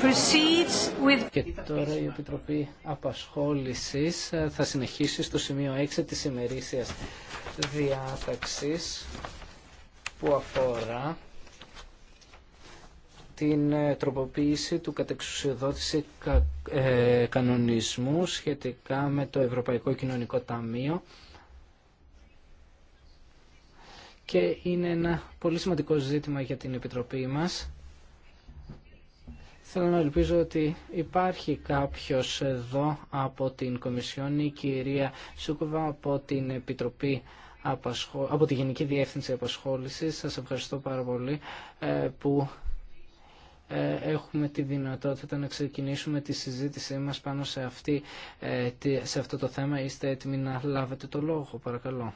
proceeds with... Και τώρα η Επιτροπή Απασχόλησης ε, θα συνεχίσει στο σημείο 6 της ημερήσιας διάταξης που αφορά την ε, τροποποίηση του κατεξουσιοδότηση ε, κανονισμού σχετικά με το Ευρωπαϊκό Κοινωνικό Ταμείο και είναι ένα πολύ σημαντικό ζήτημα για την Επιτροπή μας Θέλω να ελπίζω ότι υπάρχει κάποιος εδώ από την Κομισιόν, η κυρία Σούκοβα από την Επιτροπή από τη Γενική Διεύθυνση Απασχόλησης. Σας ευχαριστώ πάρα πολύ ε, που ε, έχουμε τη δυνατότητα να ξεκινήσουμε τη συζήτησή μας πάνω σε, αυτή, ε, σε αυτό το θέμα. Είστε έτοιμοι να λάβετε το λόγο, παρακαλώ.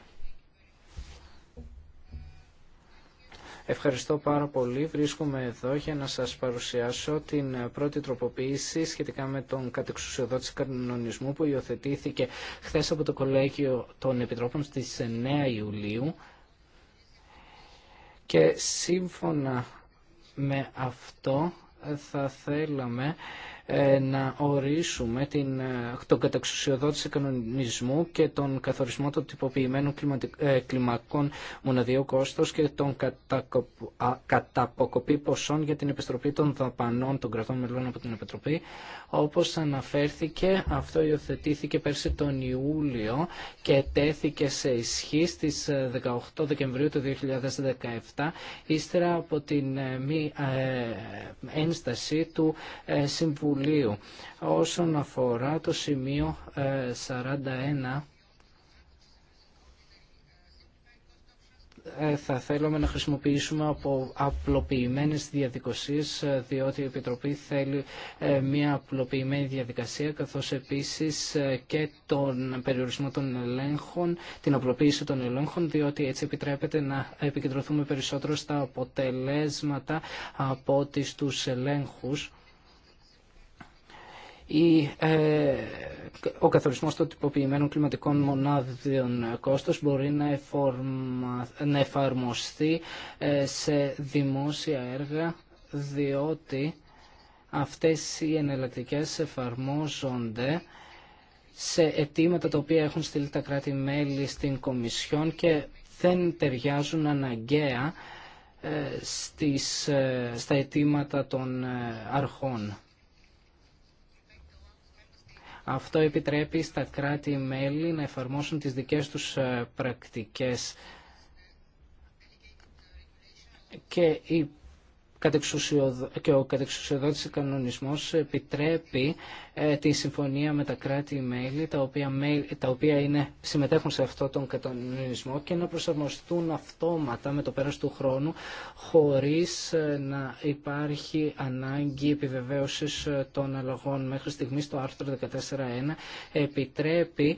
Ευχαριστώ πάρα πολύ. Βρίσκομαι εδώ για να σας παρουσιάσω την πρώτη τροποποίηση σχετικά με τον κατεξουσιοδότηση κανονισμού που υιοθετήθηκε χθες από το Κολέγιο των Επιτρόπων στις 9 Ιουλίου και σύμφωνα με αυτό θα θέλαμε ε, να ορίσουμε την, ε, τον καταξουσιοδότηση κανονισμού και τον καθορισμό των τυποποιημένων ε, κλιμακών μοναδιού κόστος και των καταποκοπή ποσών για την επιστροφή των δαπανών των κρατών μελών από την Επιτροπή. Όπως αναφέρθηκε, αυτό υιοθετήθηκε πέρσι τον Ιούλιο και τέθηκε σε ισχύ στις 18 Δεκεμβρίου του 2017, ύστερα από την μη ένσταση του Συμβουλίου όσον αφορά το σημείο 41 ε, ε, θα θέλουμε να χρησιμοποιήσουμε από απλοποιημένες διαδικασίες ε, διότι η Επιτροπή θέλει μια απλοποιημένη διαδικασία καθώς επίσης και τον περιορισμό των ελέγχων, την απλοποίηση των ελέγχων διότι έτσι επιτρέπεται να επικεντρωθούμε περισσότερο στα αποτελέσματα από τις τους ελέγχους ε, ο καθορισμός των τυποποιημένων κλιματικών μονάδων κόστος μπορεί να, εφαρμοστεί ε, σε δημόσια έργα διότι αυτές οι εναλλακτικέ εφαρμόζονται σε αιτήματα τα οποία έχουν στείλει τα κράτη-μέλη στην Κομισιόν και δεν ταιριάζουν αναγκαία ε, στις, στα αιτήματα των αρχών. Αυτό επιτρέπει στα κράτη-μέλη να εφαρμόσουν τις δικές τους ε, πρακτικές και και ο κατεξουσιοδότης κανονισμός επιτρέπει ε, τη συμφωνία με τα κράτη-μέλη τα οποία, οποία είναι, συμμετέχουν σε αυτό τον κανονισμό και να προσαρμοστούν αυτόματα με το πέρας του χρόνου χωρίς ε, να υπάρχει ανάγκη επιβεβαίωσης ε, των αλλαγών. Μέχρι στιγμής το άρθρο 14.1 επιτρέπει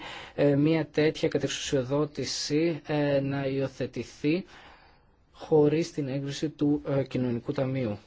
μια τέτοια κατεξουσιοδότηση να υιοθετηθεί χωρίς την έγκριση του ε, Κοινωνικού Ταμείου.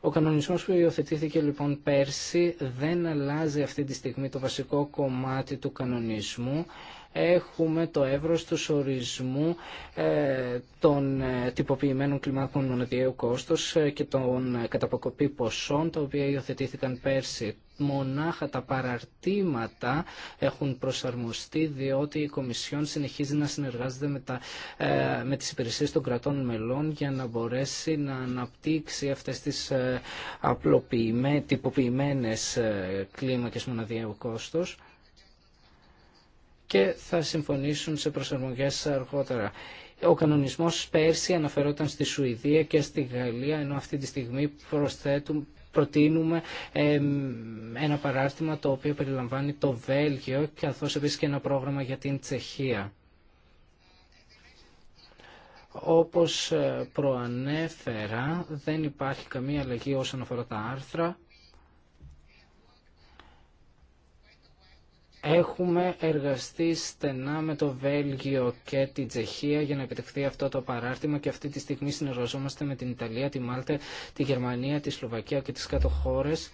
Ο κανονισμός που υιοθετήθηκε λοιπόν πέρσι δεν αλλάζει αυτή τη στιγμή το βασικό κομμάτι του κανονισμού έχουμε το εύρος του ορισμού ε, των ε, τυποποιημένων κλιμάκων μονοδιαίου κόστος ε, και των καταποκοπή ποσών τα οποία υιοθετήθηκαν πέρσι. Μονάχα τα παραρτήματα έχουν προσαρμοστεί διότι η Κομισιόν συνεχίζει να συνεργάζεται με, τα, με τις υπηρεσίες των κρατών μελών για να μπορέσει να αναπτύξει αυτές τις απλοποιημένες, τυποποιημένες κλίμακες μοναδιαίου κόστος και θα συμφωνήσουν σε προσαρμογές αργότερα. Ο κανονισμός πέρσι αναφερόταν στη Σουηδία και στη Γαλλία, ενώ αυτή τη στιγμή προσθέτουν, προτείνουμε ένα παράρτημα το οποίο περιλαμβάνει το Βέλγιο, ...και καθώς επίσης και ένα πρόγραμμα για την Τσεχία. Όπως ε, προανέφερα, δεν υπάρχει καμία αλλαγή όσον αφορά τα άρθρα Έχουμε εργαστεί στενά με το Βέλγιο και την Τσεχία για να επιτευχθεί αυτό το παράρτημα και αυτή τη στιγμή συνεργαζόμαστε με την Ιταλία, τη Μάλτα, τη Γερμανία, τη Σλοβακία και τις κάτω χώρες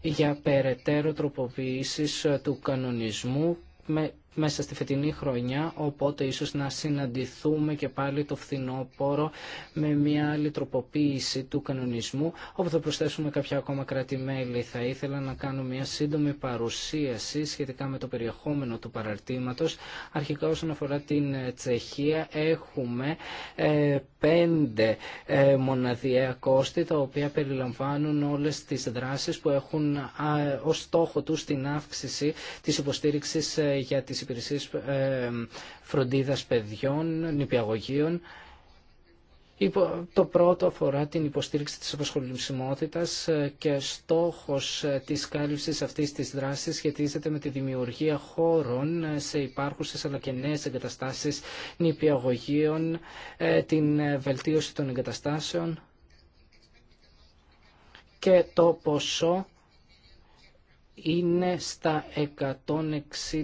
για περαιτέρω τροποποιήσεις ε, του κανονισμού με μέσα στη φετινή χρονιά, οπότε ίσως να συναντηθούμε και πάλι το φθινόπωρο με μια άλλη τροποποίηση του κανονισμού, όπου θα προσθέσουμε κάποια ακόμα κράτη-μέλη. Θα ήθελα να κάνω μια σύντομη παρουσίαση σχετικά με το περιεχόμενο του παραρτήματος. Αρχικά όσον αφορά την ε, Τσεχία έχουμε ε, πέντε ε, μοναδιαία κόστη, τα οποία περιλαμβάνουν όλες τις δράσεις που έχουν ως στόχο τους την αύξηση της υποστήριξης ε, για τις υπηρεσίες υπηρεσίες φροντίδας παιδιών, νηπιαγωγείων. Το πρώτο αφορά την υποστήριξη της απασχολησιμότητας ε, και στόχος ε, της κάλυψης αυτής της δράσης σχετίζεται με τη δημιουργία χώρων ε, σε υπάρχουσες αλλά και νέες εγκαταστάσεις νηπιαγωγείων, την βελτίωση των εγκαταστάσεων και το ποσό είναι στα 160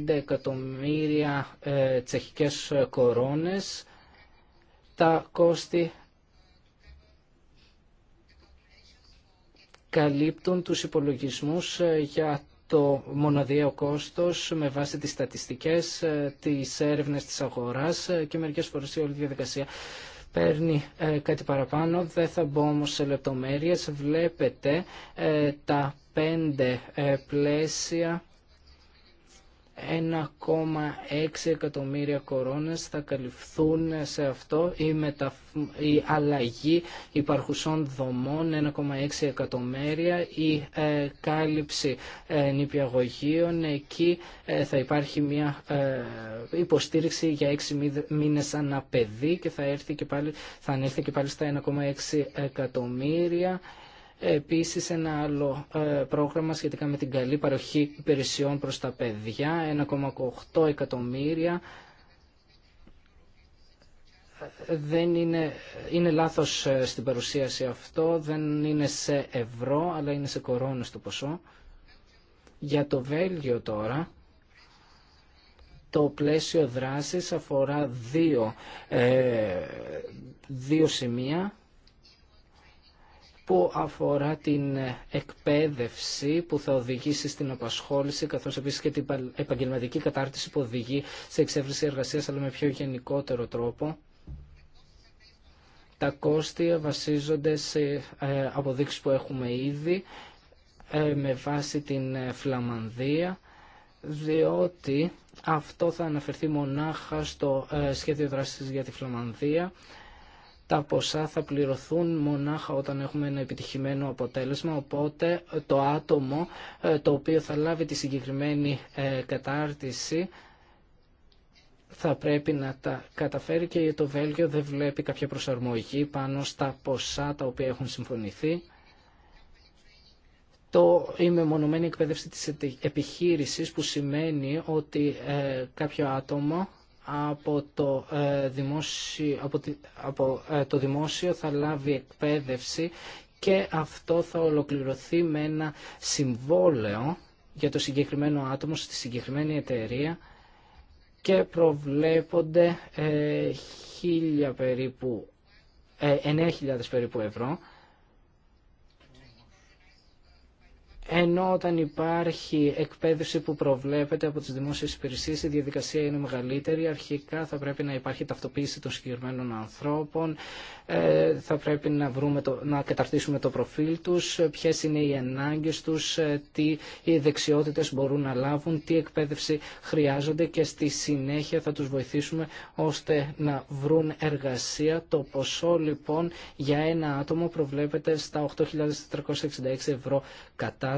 εκατομμύρια ε, τσεχικές κορώνες. Τα κόστη καλύπτουν τους υπολογισμούς ε, για το μοναδιαίο κόστος με βάση τις στατιστικές, ε, τις έρευνες της αγοράς ε, και μερικές φορές η όλη διαδικασία παίρνει κάτι παραπάνω. Δεν θα μπω όμως σε λεπτομέρειες. Βλέπετε τα πέντε ε, πλαίσια 1,6 εκατομμύρια κορώνες θα καλυφθούν σε αυτό η, η αλλαγή υπαρχουσών δομών 1,6 εκατομμύρια η ε, κάλυψη ε, νηπιαγωγείων εκεί θα υπάρχει μια υποστήριξη για 6 μήνες ανά και θα, έρθει και πάλι, θα ανέλθει και πάλι στα 1,6 εκατομμύρια Επίσης ένα άλλο ε, πρόγραμμα σχετικά με την καλή παροχή υπηρεσιών προ τα παιδιά, 1,8 εκατομμύρια. Δεν είναι, είναι λάθος ε, στην παρουσίαση αυτό, δεν είναι σε ευρώ, αλλά είναι σε κορώνες το ποσό. Για το Βέλγιο τώρα, το πλαίσιο δράσης αφορά δύο, ε, δύο σημεία που αφορά την εκπαίδευση που θα οδηγήσει στην απασχόληση καθώς επίσης και την επαγγελματική κατάρτιση που οδηγεί σε εξέβριση εργασίας αλλά με πιο γενικότερο τρόπο. Τα κόστη βασίζονται σε ε, αποδείξεις που έχουμε ήδη ε, με βάση την ε, Φλαμανδία διότι αυτό θα αναφερθεί μονάχα στο σχέδιο δράσης για τη Φλαμανδία τα ποσά θα πληρωθούν μονάχα όταν έχουμε ένα επιτυχημένο αποτέλεσμα, οπότε το άτομο ε, το οποίο θα λάβει τη συγκεκριμένη ε, κατάρτιση θα πρέπει να τα καταφέρει και το Βέλγιο δεν βλέπει κάποια προσαρμογή πάνω στα ποσά τα οποία έχουν συμφωνηθεί. Το η μεμονωμένη εκπαίδευση της επιχείρησης που σημαίνει ότι ε, κάποιο άτομο από το, ε, δημόσιο, ε, το δημόσιο θα λάβει εκπαίδευση και αυτό θα ολοκληρωθεί με ένα συμβόλαιο για το συγκεκριμένο άτομο στη συγκεκριμένη εταιρεία και προβλέπονται ε, περίπου, ε, 9.000 περίπου ευρώ Ενώ όταν υπάρχει εκπαίδευση που προβλέπεται από τις δημόσιες υπηρεσίες, η διαδικασία είναι μεγαλύτερη. Αρχικά θα πρέπει να υπάρχει ταυτοποίηση των συγκεκριμένων ανθρώπων, ε, θα πρέπει να, βρούμε το, να καταρτήσουμε το προφίλ τους, ποιες είναι οι ανάγκες τους, ε, τι οι δεξιότητες μπορούν να λάβουν, τι εκπαίδευση χρειάζονται και στη συνέχεια θα τους βοηθήσουμε ώστε να βρουν εργασία. Το ποσό λοιπόν για ένα άτομο προβλέπεται στα 8.466 ευρώ κατά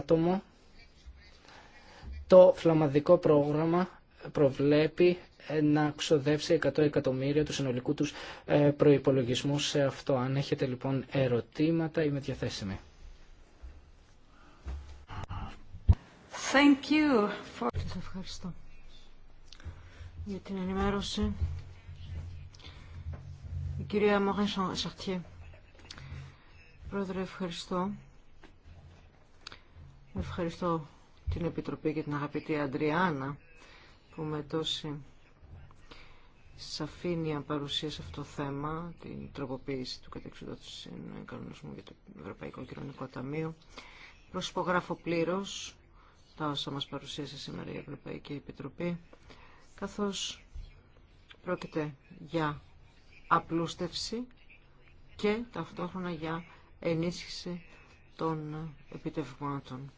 το φλαμαδικό πρόγραμμα προβλέπει να ξοδεύσει 100 εκατομμύρια του συνολικού τους ε, προϋπολογισμού σε αυτό. Αν έχετε λοιπόν ερωτήματα είμαι διαθέσιμη. Thank you for... για την ενημέρωση. Η κυρία Σαρτιέ. Πρόεδρε, ευχαριστώ. Ευχαριστώ την Επιτροπή και την αγαπητή Αντριάννα που με τόση σαφήνεια παρουσίασε αυτό το θέμα, την τροποποίηση του κατεξουδότησης κανονισμού για το Ευρωπαϊκό Κοινωνικό Ταμείο. Προσυπογράφω πλήρω τα όσα μας παρουσίασε σήμερα η Ευρωπαϊκή Επιτροπή, καθώς πρόκειται για απλούστευση και ταυτόχρονα για ενίσχυση των επιτευγμάτων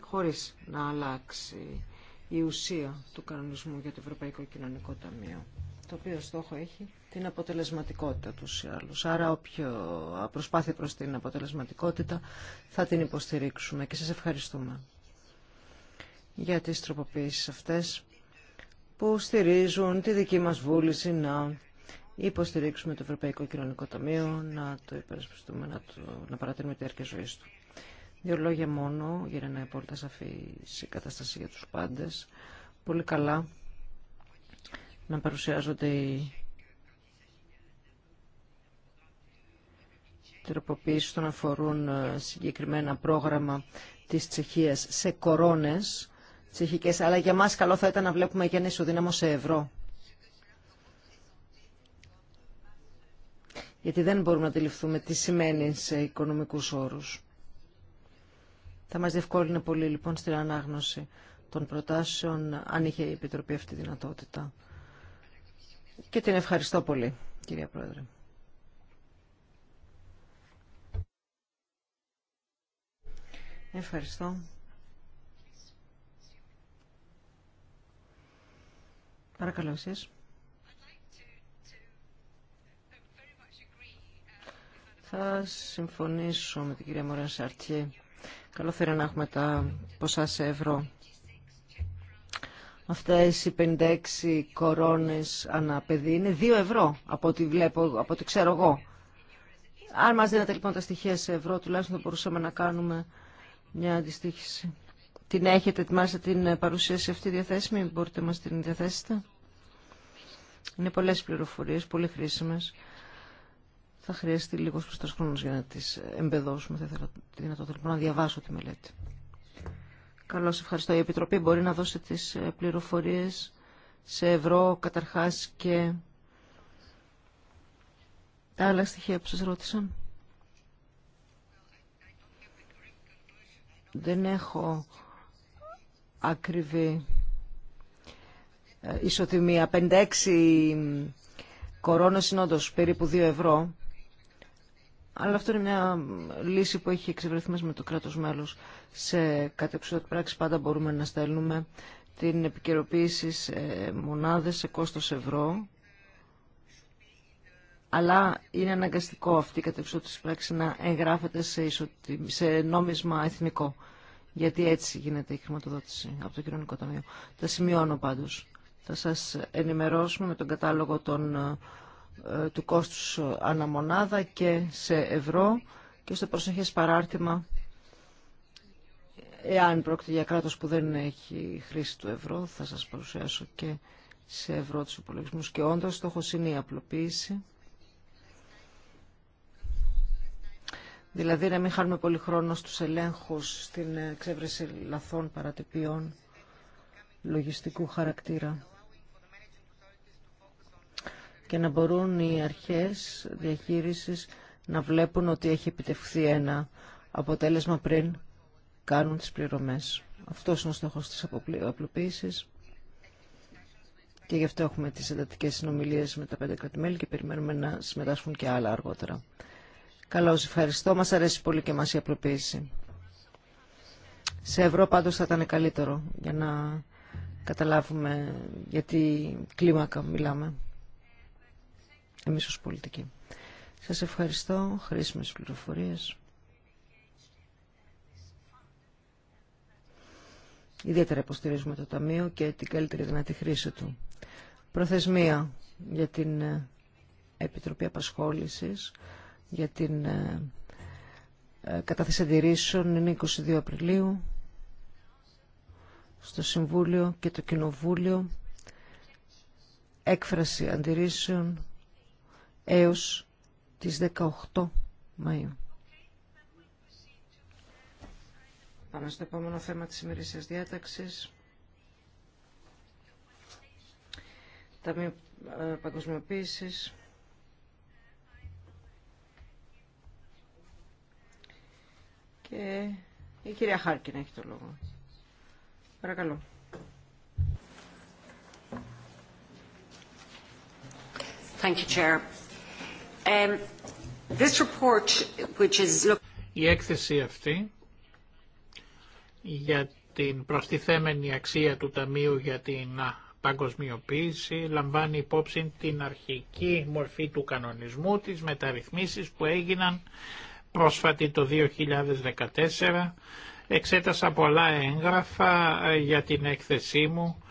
χωρίς να αλλάξει η ουσία του κανονισμού για το Ευρωπαϊκό Κοινωνικό Ταμείο, το οποίο στόχο έχει την αποτελεσματικότητα του ή άλλους. Άρα όποιο προσπάθει προς την αποτελεσματικότητα θα την υποστηρίξουμε και σας ευχαριστούμε για τις τροποποιήσεις αυτές που στηρίζουν τη δική μας βούληση να υποστηρίξουμε το Ευρωπαϊκό Κοινωνικό Ταμείο, να το υπερασπιστούμε, να, το, να παρατηρούμε τη διάρκεια ζωής του. Δύο λόγια μόνο για να είναι απόλυτα σαφή η κατάσταση για τους πάντες. Πολύ καλά να παρουσιάζονται οι τροποποίησεις των αφορούν ε, συγκεκριμένα πρόγραμμα της Τσεχίας σε κορώνες τσεχικές, αλλά για μας καλό θα ήταν να βλέπουμε και ένα ισοδύναμο σε ευρώ. Γιατί δεν μπορούμε να αντιληφθούμε τι σημαίνει σε οικονομικούς όρους. Θα μας διευκόλυνε πολύ λοιπόν στην ανάγνωση των προτάσεων, αν είχε η Επιτροπή αυτή τη δυνατότητα. Και την ευχαριστώ πολύ, κυρία Πρόεδρε. Ευχαριστώ. Παρακαλώ εσείς. Θα συμφωνήσω με την κυρία Μωρέν Σαρτιέ Καλό θέλω να έχουμε τα ποσά σε ευρώ. Αυτές οι 56 κορώνες παιδί είναι 2 ευρώ από ό,τι βλέπω, από ό,τι ξέρω εγώ. Αν μας δίνατε λοιπόν τα στοιχεία σε ευρώ, τουλάχιστον θα μπορούσαμε να κάνουμε μια αντιστοίχηση. Την έχετε ετοιμάσει την παρουσίαση αυτή διαθέσιμη, μπορείτε να μας την διαθέσετε. Είναι πολλές πληροφορίες, πολύ χρήσιμες. Θα χρειαστεί λίγο πιστός χρόνος για να τις εμπεδώσουμε. Θα ήθελα τη δυνατότητα λοιπόν να διαβάσω τη μελέτη. Καλώ ευχαριστώ. Η Επιτροπή μπορεί να δώσει τις ε, πληροφορίες σε ευρώ καταρχάς και τα άλλα στοιχεία που σας ρώτησαν. Δεν έχω ακριβή ε, ισοτιμία. 56 κορώνες είναι όντως περίπου 2 ευρώ αλλά αυτό είναι μια λύση που έχει εξευρεθεί μέσα με το κράτος μέλος. Σε κατεξοδότηση πράξη πάντα μπορούμε να στέλνουμε την επικαιροποίηση σε μονάδες σε κόστος ευρώ. Αλλά είναι αναγκαστικό αυτή η κατεξοδότηση πράξη να εγγράφεται σε, ισοτι... σε νόμισμα εθνικό. Γιατί έτσι γίνεται η χρηματοδότηση από το κοινωνικό ταμείο. Τα σημειώνω πάντως. Θα σας ενημερώσουμε με τον κατάλογο των ε, ε, του κόστους αναμονάδα και σε ευρώ και στο προσεχές παράρτημα εάν πρόκειται για κράτος που δεν έχει χρήση του ευρώ θα σας παρουσιάσω και σε ευρώ τους υπολογισμούς και όντως το είναι η απλοποίηση δηλαδή να μην χάνουμε πολύ χρόνο στους ελέγχους στην εξέβρεση λαθών παρατυπιών λογιστικού χαρακτήρα και να μπορούν οι αρχές διαχείρισης να βλέπουν ότι έχει επιτευχθεί ένα αποτέλεσμα πριν κάνουν τις πληρωμές. Αυτός είναι ο στόχος της απλοποίησης και γι' αυτό έχουμε τις εντατικές συνομιλίες με τα πέντε κρατημέλη και περιμένουμε να συμμετάσχουν και άλλα αργότερα. Καλώς, ευχαριστώ. Μας αρέσει πολύ και μας η απλοποίηση. Σε ευρώ πάντως θα ήταν καλύτερο για να καταλάβουμε γιατί κλίμακα μιλάμε εμείς ως πολιτικοί. Σας ευχαριστώ, χρήσιμες πληροφορίες. Ιδιαίτερα υποστηρίζουμε το Ταμείο και την καλύτερη δυνατή χρήση του. Προθεσμία για την ε, Επιτροπή Απασχόλησης, για την ε, ε, κατάθεση αντιρρήσεων είναι 22 Απριλίου στο Συμβούλιο και το Κοινοβούλιο έκφραση αντιρρήσεων έως τις 18 Μαΐου. Πάμε στο επόμενο θέμα της ημερήσιας διάταξης. Ταμείο ε, Παγκοσμιοποίησης. Και η κυρία Χάρκιν έχει το λόγο. Παρακαλώ. Thank you, Chair. Um, Η έκθεση αυτή για την προστιθέμενη αξία του Ταμείου για την παγκοσμιοποίηση λαμβάνει υπόψη την αρχική μορφή του κανονισμού, τις μεταρρυθμίσεις που έγιναν πρόσφατη το 2014. Εξέτασα πολλά έγγραφα ε, για την έκθεσή μου,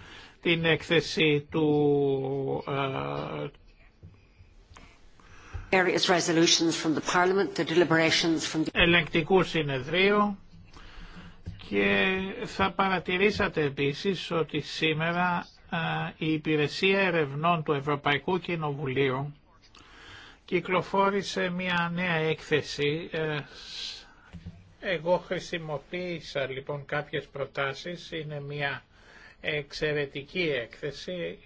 την έκθεση του, ε, ελεγκτικού συνεδρίου και θα παρατηρήσατε επίσης ότι σήμερα η Υπηρεσία Ερευνών του Ευρωπαϊκού Κοινοβουλίου κυκλοφόρησε μια νέα έκθεση. Ε, εγώ χρησιμοποίησα λοιπόν κάποιες προτάσεις, είναι μια εξαιρετική έκθεση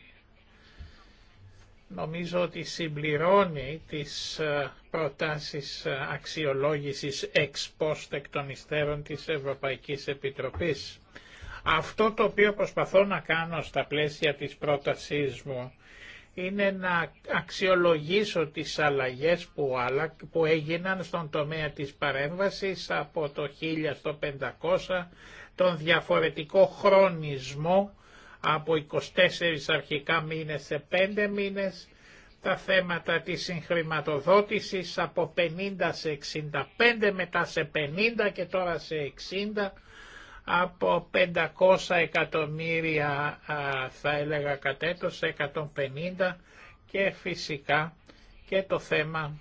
νομίζω ότι συμπληρώνει τις ε, προτάσεις ε, αξιολόγησης εξ εκ των υστέρων της Ευρωπαϊκής Επιτροπής. Αυτό το οποίο προσπαθώ να κάνω στα πλαίσια της πρότασής μου είναι να αξιολογήσω τις αλλαγές που, άλλα, που έγιναν στον τομέα της παρέμβασης από το 1500, τον διαφορετικό χρονισμό από 24 αρχικά μήνες σε 5 μήνες, τα θέματα της συγχρηματοδότησης από 50 σε 65, μετά σε 50 και τώρα σε 60, από 500 εκατομμύρια θα έλεγα κατέτος 150 και φυσικά και το θέμα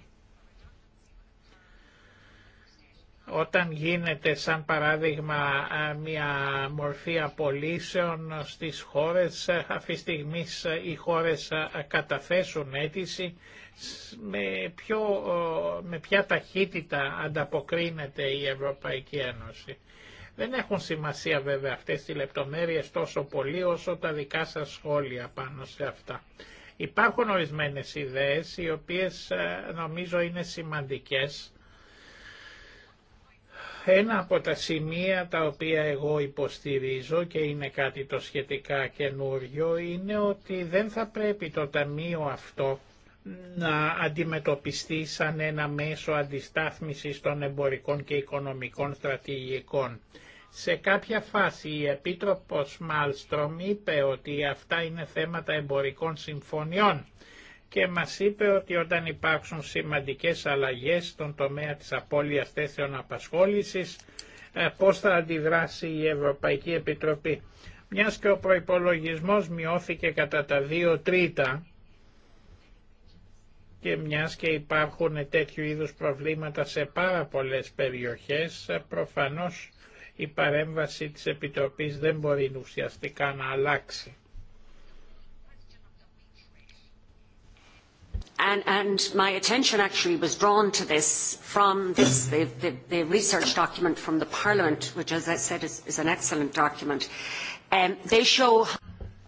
Όταν γίνεται σαν παράδειγμα μια μορφή απολύσεων στις χώρες, αυτή τη στιγμή οι χώρες καταθέσουν αίτηση με, με ποια ταχύτητα ανταποκρίνεται η Ευρωπαϊκή Ένωση. Δεν έχουν σημασία βέβαια αυτές οι λεπτομέρειες τόσο πολύ όσο τα δικά σας σχόλια πάνω σε αυτά. Υπάρχουν ορισμένες ιδέες οι οποίες νομίζω είναι σημαντικές ένα από τα σημεία τα οποία εγώ υποστηρίζω και είναι κάτι το σχετικά καινούριο είναι ότι δεν θα πρέπει το Ταμείο αυτό να αντιμετωπιστεί σαν ένα μέσο αντιστάθμισης των εμπορικών και οικονομικών στρατηγικών. Σε κάποια φάση η Επίτροπος Μάλστρομ είπε ότι αυτά είναι θέματα εμπορικών συμφωνιών και μας είπε ότι όταν υπάρξουν σημαντικές αλλαγές στον τομέα της απώλειας θέσεων απασχόλησης, ε, πώς θα αντιδράσει η Ευρωπαϊκή Επιτροπή. Μιας και ο προϋπολογισμός μειώθηκε κατά τα 2 τρίτα και μιας και υπάρχουν τέτοιου είδους προβλήματα σε πάρα πολλές περιοχές, ε, προφανώς η παρέμβαση της Επιτροπής δεν μπορεί ουσιαστικά να αλλάξει.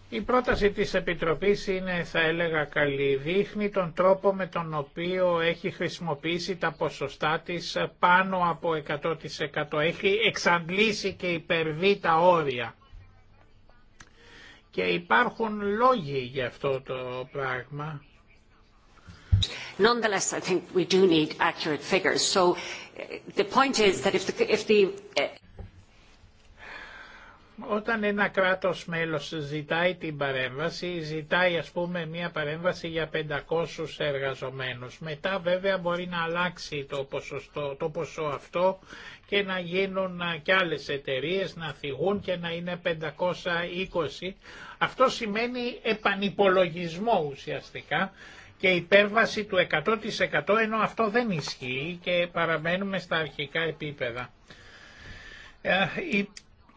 Η πρόταση της Επιτροπής είναι, θα έλεγα, καλή. Δείχνει τον τρόπο με τον οποίο έχει χρησιμοποιήσει τα ποσοστά της ε, πάνω από 100%. Έχει εξαντλήσει και υπερβεί τα όρια. Και υπάρχουν λόγοι για αυτό το πράγμα Nonetheless, I think we do need accurate figures. So uh, the point is that if the, if the uh, όταν ένα κράτος μέλος ζητάει την παρέμβαση, ζητάει ας πούμε μια παρέμβαση για 500 εργαζομένους. Μετά βέβαια μπορεί να αλλάξει το, ποσοστό, το ποσό αυτό και να γίνουν και άλλες εταιρείες να θυγούν και να είναι 520. Αυτό σημαίνει επανυπολογισμό ουσιαστικά και υπέρβαση του 100% ενώ αυτό δεν ισχύει και παραμένουμε στα αρχικά επίπεδα. Ε,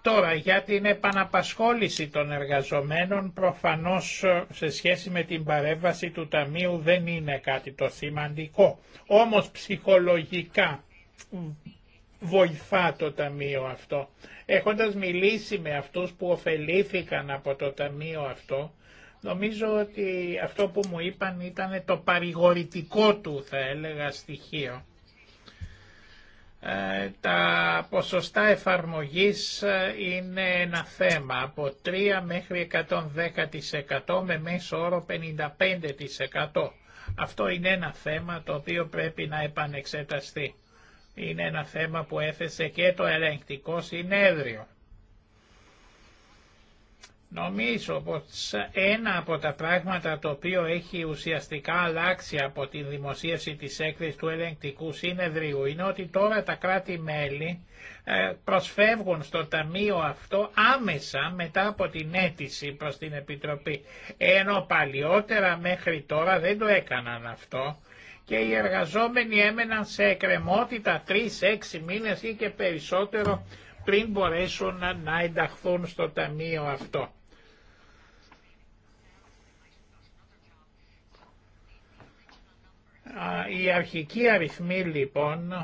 τώρα για την επαναπασχόληση των εργαζομένων προφανώς ε, σε σχέση με την παρέμβαση του Ταμείου δεν είναι κάτι το σημαντικό. Όμως ψυχολογικά βοηθά το Ταμείο αυτό. Έχοντας μιλήσει με αυτούς που ωφελήθηκαν από το Ταμείο αυτό Νομίζω ότι αυτό που μου είπαν ήταν το παρηγορητικό του, θα έλεγα, στοιχείο. Ε, τα ποσοστά εφαρμογής ε, είναι ένα θέμα από 3 μέχρι 110% με μέσο όρο 55%. Αυτό είναι ένα θέμα το οποίο πρέπει να επανεξεταστεί. Είναι ένα θέμα που έθεσε και το ελεγκτικό συνέδριο. Νομίζω πως ένα από τα πράγματα το οποίο έχει ουσιαστικά αλλάξει από τη δημοσίευση της έκθεσης του ελεγκτικού συνεδρίου είναι ότι τώρα τα κράτη-μέλη ε, προσφεύγουν στο ταμείο αυτό άμεσα μετά από την αίτηση προς την Επιτροπή. Ενώ παλιότερα μέχρι τώρα δεν το έκαναν αυτό και οι εργαζόμενοι έμεναν σε εκκρεμότητα 3-6 μήνες ή και περισσότερο πριν μπορέσουν να ενταχθούν στο ταμείο αυτό. Οι αρχικοί αριθμοί λοιπόν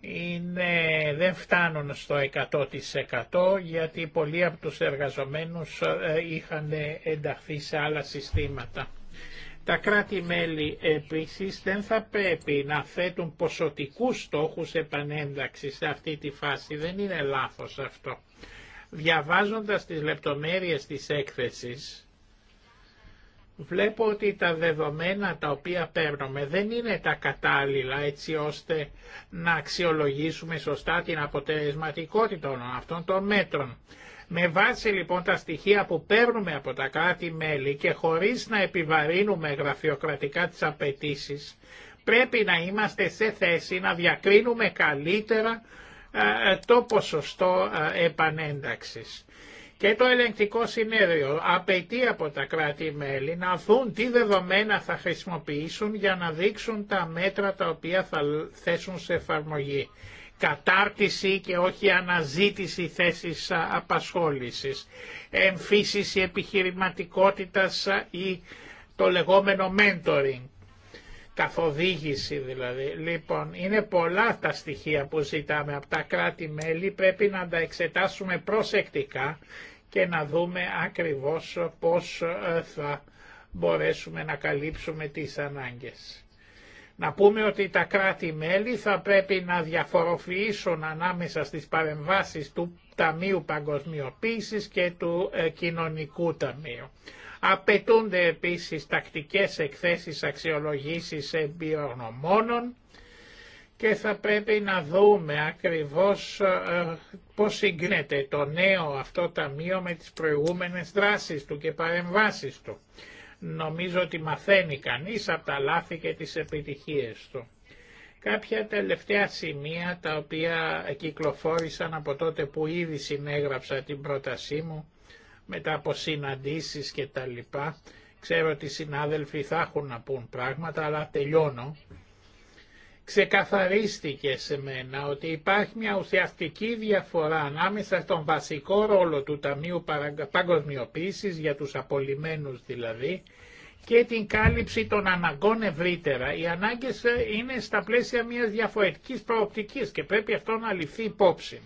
είναι, δεν φτάνουν στο 100% γιατί πολλοί από τους εργαζομένους ε, είχαν ενταχθεί σε άλλα συστήματα. Τα κράτη-μέλη επίσης δεν θα πρέπει να θέτουν ποσοτικούς στόχους επανένταξης σε αυτή τη φάση. Δεν είναι λάθος αυτό. Διαβάζοντας τις λεπτομέρειες της έκθεσης, βλέπω ότι τα δεδομένα τα οποία παίρνουμε δεν είναι τα κατάλληλα έτσι ώστε να αξιολογήσουμε σωστά την αποτελεσματικότητα αυτών των μέτρων. Με βάση λοιπόν τα στοιχεία που παίρνουμε από τα κράτη-μέλη και χωρίς να επιβαρύνουμε γραφειοκρατικά τις απαιτήσει, πρέπει να είμαστε σε θέση να διακρίνουμε καλύτερα ε, ε, το ποσοστό ε, επανένταξης. Και το ελεγκτικό συνέδριο απαιτεί από τα κράτη-μέλη να δουν τι δεδομένα θα χρησιμοποιήσουν για να δείξουν τα μέτρα τα οποία θα θέσουν σε εφαρμογή. Κατάρτιση και όχι αναζήτηση θέσης απασχόλησης. Εμφύσιση επιχειρηματικότητας ή το λεγόμενο mentoring καθοδήγηση δηλαδή. Λοιπόν, είναι πολλά τα στοιχεία που ζητάμε από τα κράτη-μέλη, πρέπει να τα εξετάσουμε προσεκτικά και να δούμε ακριβώς πώς ε, θα μπορέσουμε να καλύψουμε τις ανάγκες. Να πούμε ότι τα κράτη-μέλη θα πρέπει να διαφοροποιήσουν ανάμεσα στις παρεμβάσεις του Ταμείου Παγκοσμιοποίησης και του ε, Κοινωνικού Ταμείου. Απαιτούνται επίσης τακτικές εκθέσεις αξιολογήσεις εμπειρογνωμόνων και θα πρέπει να δούμε ακριβώς ε, πώς συγκρίνεται το νέο αυτό ταμείο με τις προηγούμενες δράσεις του και παρεμβάσεις του. Νομίζω ότι μαθαίνει κανείς από τα λάθη και τις επιτυχίες του. Κάποια τελευταία σημεία τα οποία κυκλοφόρησαν από τότε που ήδη συνέγραψα την πρότασή μου μετά από συναντήσεις και τα λοιπά. Ξέρω ότι οι συνάδελφοι θα έχουν να πούν πράγματα, αλλά τελειώνω. Ξεκαθαρίστηκε σε μένα ότι υπάρχει μια ουσιαστική διαφορά ανάμεσα στον βασικό ρόλο του Ταμείου Παγκοσμιοποίησης, για τους απολυμμένους δηλαδή, και την κάλυψη των αναγκών ευρύτερα. Οι ανάγκες ε, είναι στα πλαίσια μιας διαφορετικής προοπτικής και πρέπει αυτό να ληφθεί υπόψη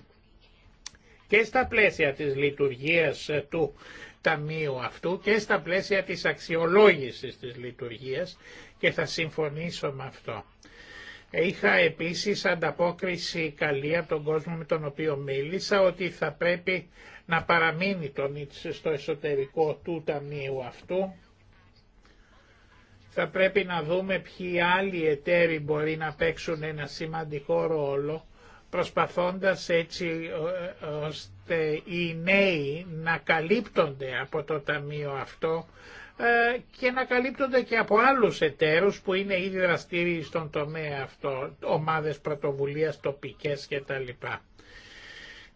και στα πλαίσια της λειτουργίας του ταμείου αυτού και στα πλαίσια της αξιολόγησης της λειτουργίας και θα συμφωνήσω με αυτό. Είχα επίσης ανταπόκριση καλή από τον κόσμο με τον οποίο μίλησα ότι θα πρέπει να παραμείνει τον στο εσωτερικό του ταμείου αυτού. Θα πρέπει να δούμε ποιοι άλλοι εταίροι μπορεί να παίξουν ένα σημαντικό ρόλο προσπαθώντας έτσι ε, ώστε οι νέοι να καλύπτονται από το Ταμείο αυτό ε, και να καλύπτονται και από άλλους εταίρους που είναι ήδη δραστήριοι στον τομέα αυτό, ομάδες πρωτοβουλίας τοπικές κτλ.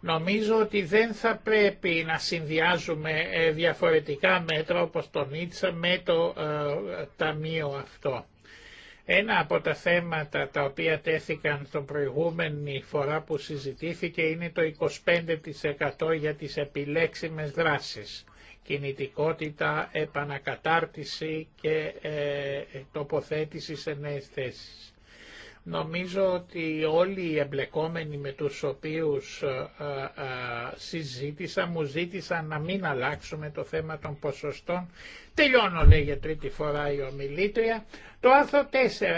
Νομίζω ότι δεν θα πρέπει να συνδυάζουμε ε, διαφορετικά μέτρα όπως το Νίτσα με το ταμείο αυτό. Ένα από τα θέματα τα οποία τέθηκαν τον προηγούμενη φορά που συζητήθηκε είναι το 25% για τις επιλέξιμες δράσεις. Κινητικότητα, επανακατάρτιση και ε, τοποθέτηση σε νέες θέσεις. Νομίζω ότι όλοι οι εμπλεκόμενοι με τους οποίους ε, ε, ε, συζήτησα μου ζήτησαν να μην αλλάξουμε το θέμα των ποσοστών. Τελειώνω λέει για τρίτη φορά η ομιλήτρια. Το άρθρο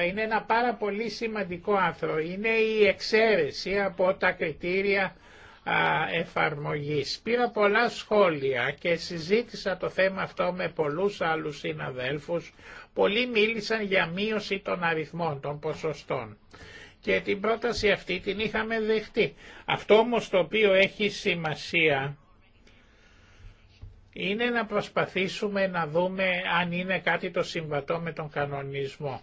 4 είναι ένα πάρα πολύ σημαντικό άρθρο. Είναι η εξαίρεση από τα κριτήρια εφαρμογής. Πήρα πολλά σχόλια και συζήτησα το θέμα αυτό με πολλούς άλλους συναδέλφους Πολλοί μίλησαν για μείωση των αριθμών, των ποσοστών και την πρόταση αυτή την είχαμε δεχτεί. Αυτό όμως το οποίο έχει σημασία είναι να προσπαθήσουμε να δούμε αν είναι κάτι το συμβατό με τον κανονισμό.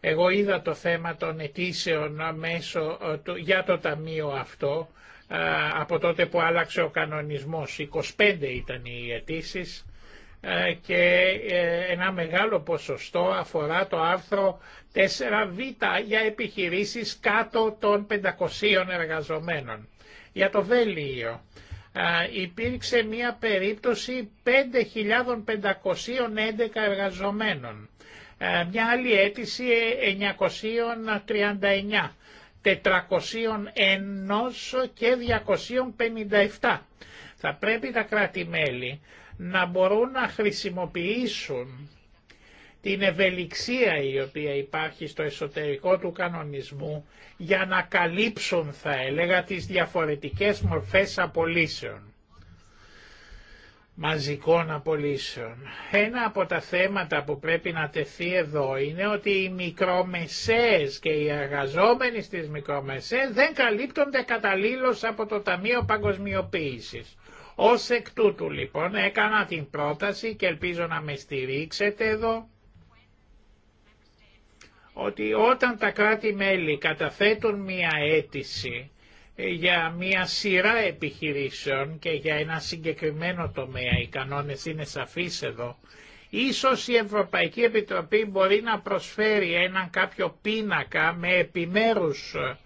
Εγώ είδα το θέμα των αιτήσεων μέσω ε, για το ταμείο αυτό ε, από τότε που άλλαξε ο κανονισμός. 25 ήταν οι αιτήσει ε, και ε, ένα μεγάλο ποσοστό αφορά το άρθρο 4β για επιχειρήσεις κάτω των 500 εργαζομένων. Για το Βέλιο ε, υπήρξε μια περίπτωση 5.511 εργαζομένων. Μια άλλη αίτηση 939, 401 και 257. Θα πρέπει τα κράτη-μέλη να μπορούν να χρησιμοποιήσουν την ευελιξία η οποία υπάρχει στο εσωτερικό του κανονισμού για να καλύψουν θα έλεγα τις διαφορετικές μορφές απολύσεων μαζικών απολύσεων. Ένα από τα θέματα που πρέπει να τεθεί εδώ είναι ότι οι μικρομεσαίες και οι εργαζόμενοι στις μικρομεσαίες δεν καλύπτονται καταλήλως από το Ταμείο Παγκοσμιοποίησης. Ως εκ τούτου λοιπόν έκανα την πρόταση και ελπίζω να με στηρίξετε εδώ ότι όταν τα κράτη-μέλη καταθέτουν μία αίτηση ε, για μία σειρά επιχειρήσεων και για ένα συγκεκριμένο τομέα, οι κανόνες είναι σαφείς εδώ, ίσως η Ευρωπαϊκή Επιτροπή μπορεί να προσφέρει έναν κάποιο πίνακα με επιμέρους ε,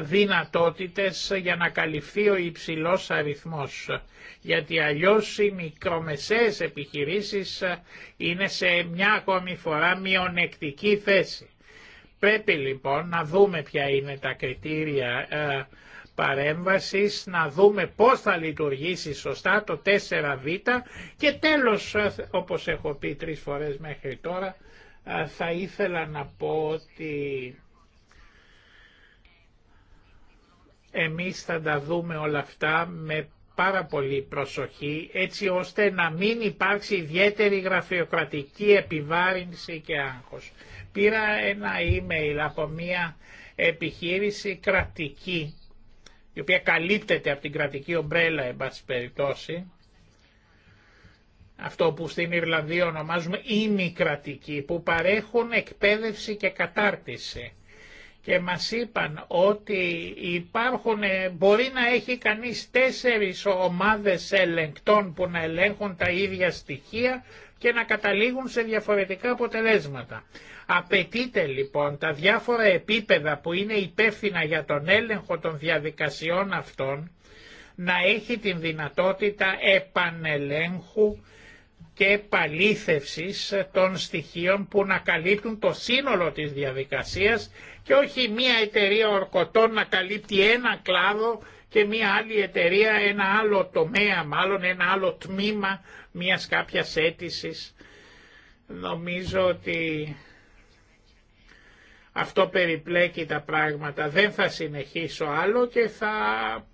δυνατότητες για να καλυφθεί ο υψηλός αριθμός. Γιατί αλλιώς οι μικρομεσαίες επιχειρήσεις είναι σε μια ακόμη φορά μειονεκτική θέση. Πρέπει λοιπόν να δούμε ποια είναι τα κριτήρια ε, παρέμβασης, να δούμε πώς θα λειτουργήσει σωστά το 4β και τέλος, ε, όπως έχω πει τρεις φορές μέχρι τώρα, ε, θα ήθελα να πω ότι Εμείς θα τα δούμε όλα αυτά με πάρα πολύ προσοχή έτσι ώστε να μην υπάρξει ιδιαίτερη γραφειοκρατική επιβάρυνση και άγχος. Πήρα ένα email από μια επιχείρηση κρατική η οποία καλύπτεται από την κρατική ομπρέλα εν πάση περιπτώσει αυτό που στην Ιρλανδία ονομάζουμε ημικρατική που παρέχουν εκπαίδευση και κατάρτιση και μας είπαν ότι υπάρχουν, ε, μπορεί να έχει κανείς τέσσερις ομάδες ελεγκτών που να ελέγχουν τα ίδια στοιχεία και να καταλήγουν σε διαφορετικά αποτελέσματα. Απαιτείται λοιπόν τα διάφορα επίπεδα που είναι υπεύθυνα για τον έλεγχο των διαδικασιών αυτών να έχει την δυνατότητα επανελέγχου και επαλήθευσης των στοιχείων που να καλύπτουν το σύνολο της διαδικασίας και όχι μία εταιρεία ορκωτών να καλύπτει ένα κλάδο και μία άλλη εταιρεία, ένα άλλο τομέα, μάλλον ένα άλλο τμήμα μιας κάποιας αίτηση. Νομίζω ότι αυτό περιπλέκει τα πράγματα. Δεν θα συνεχίσω άλλο και θα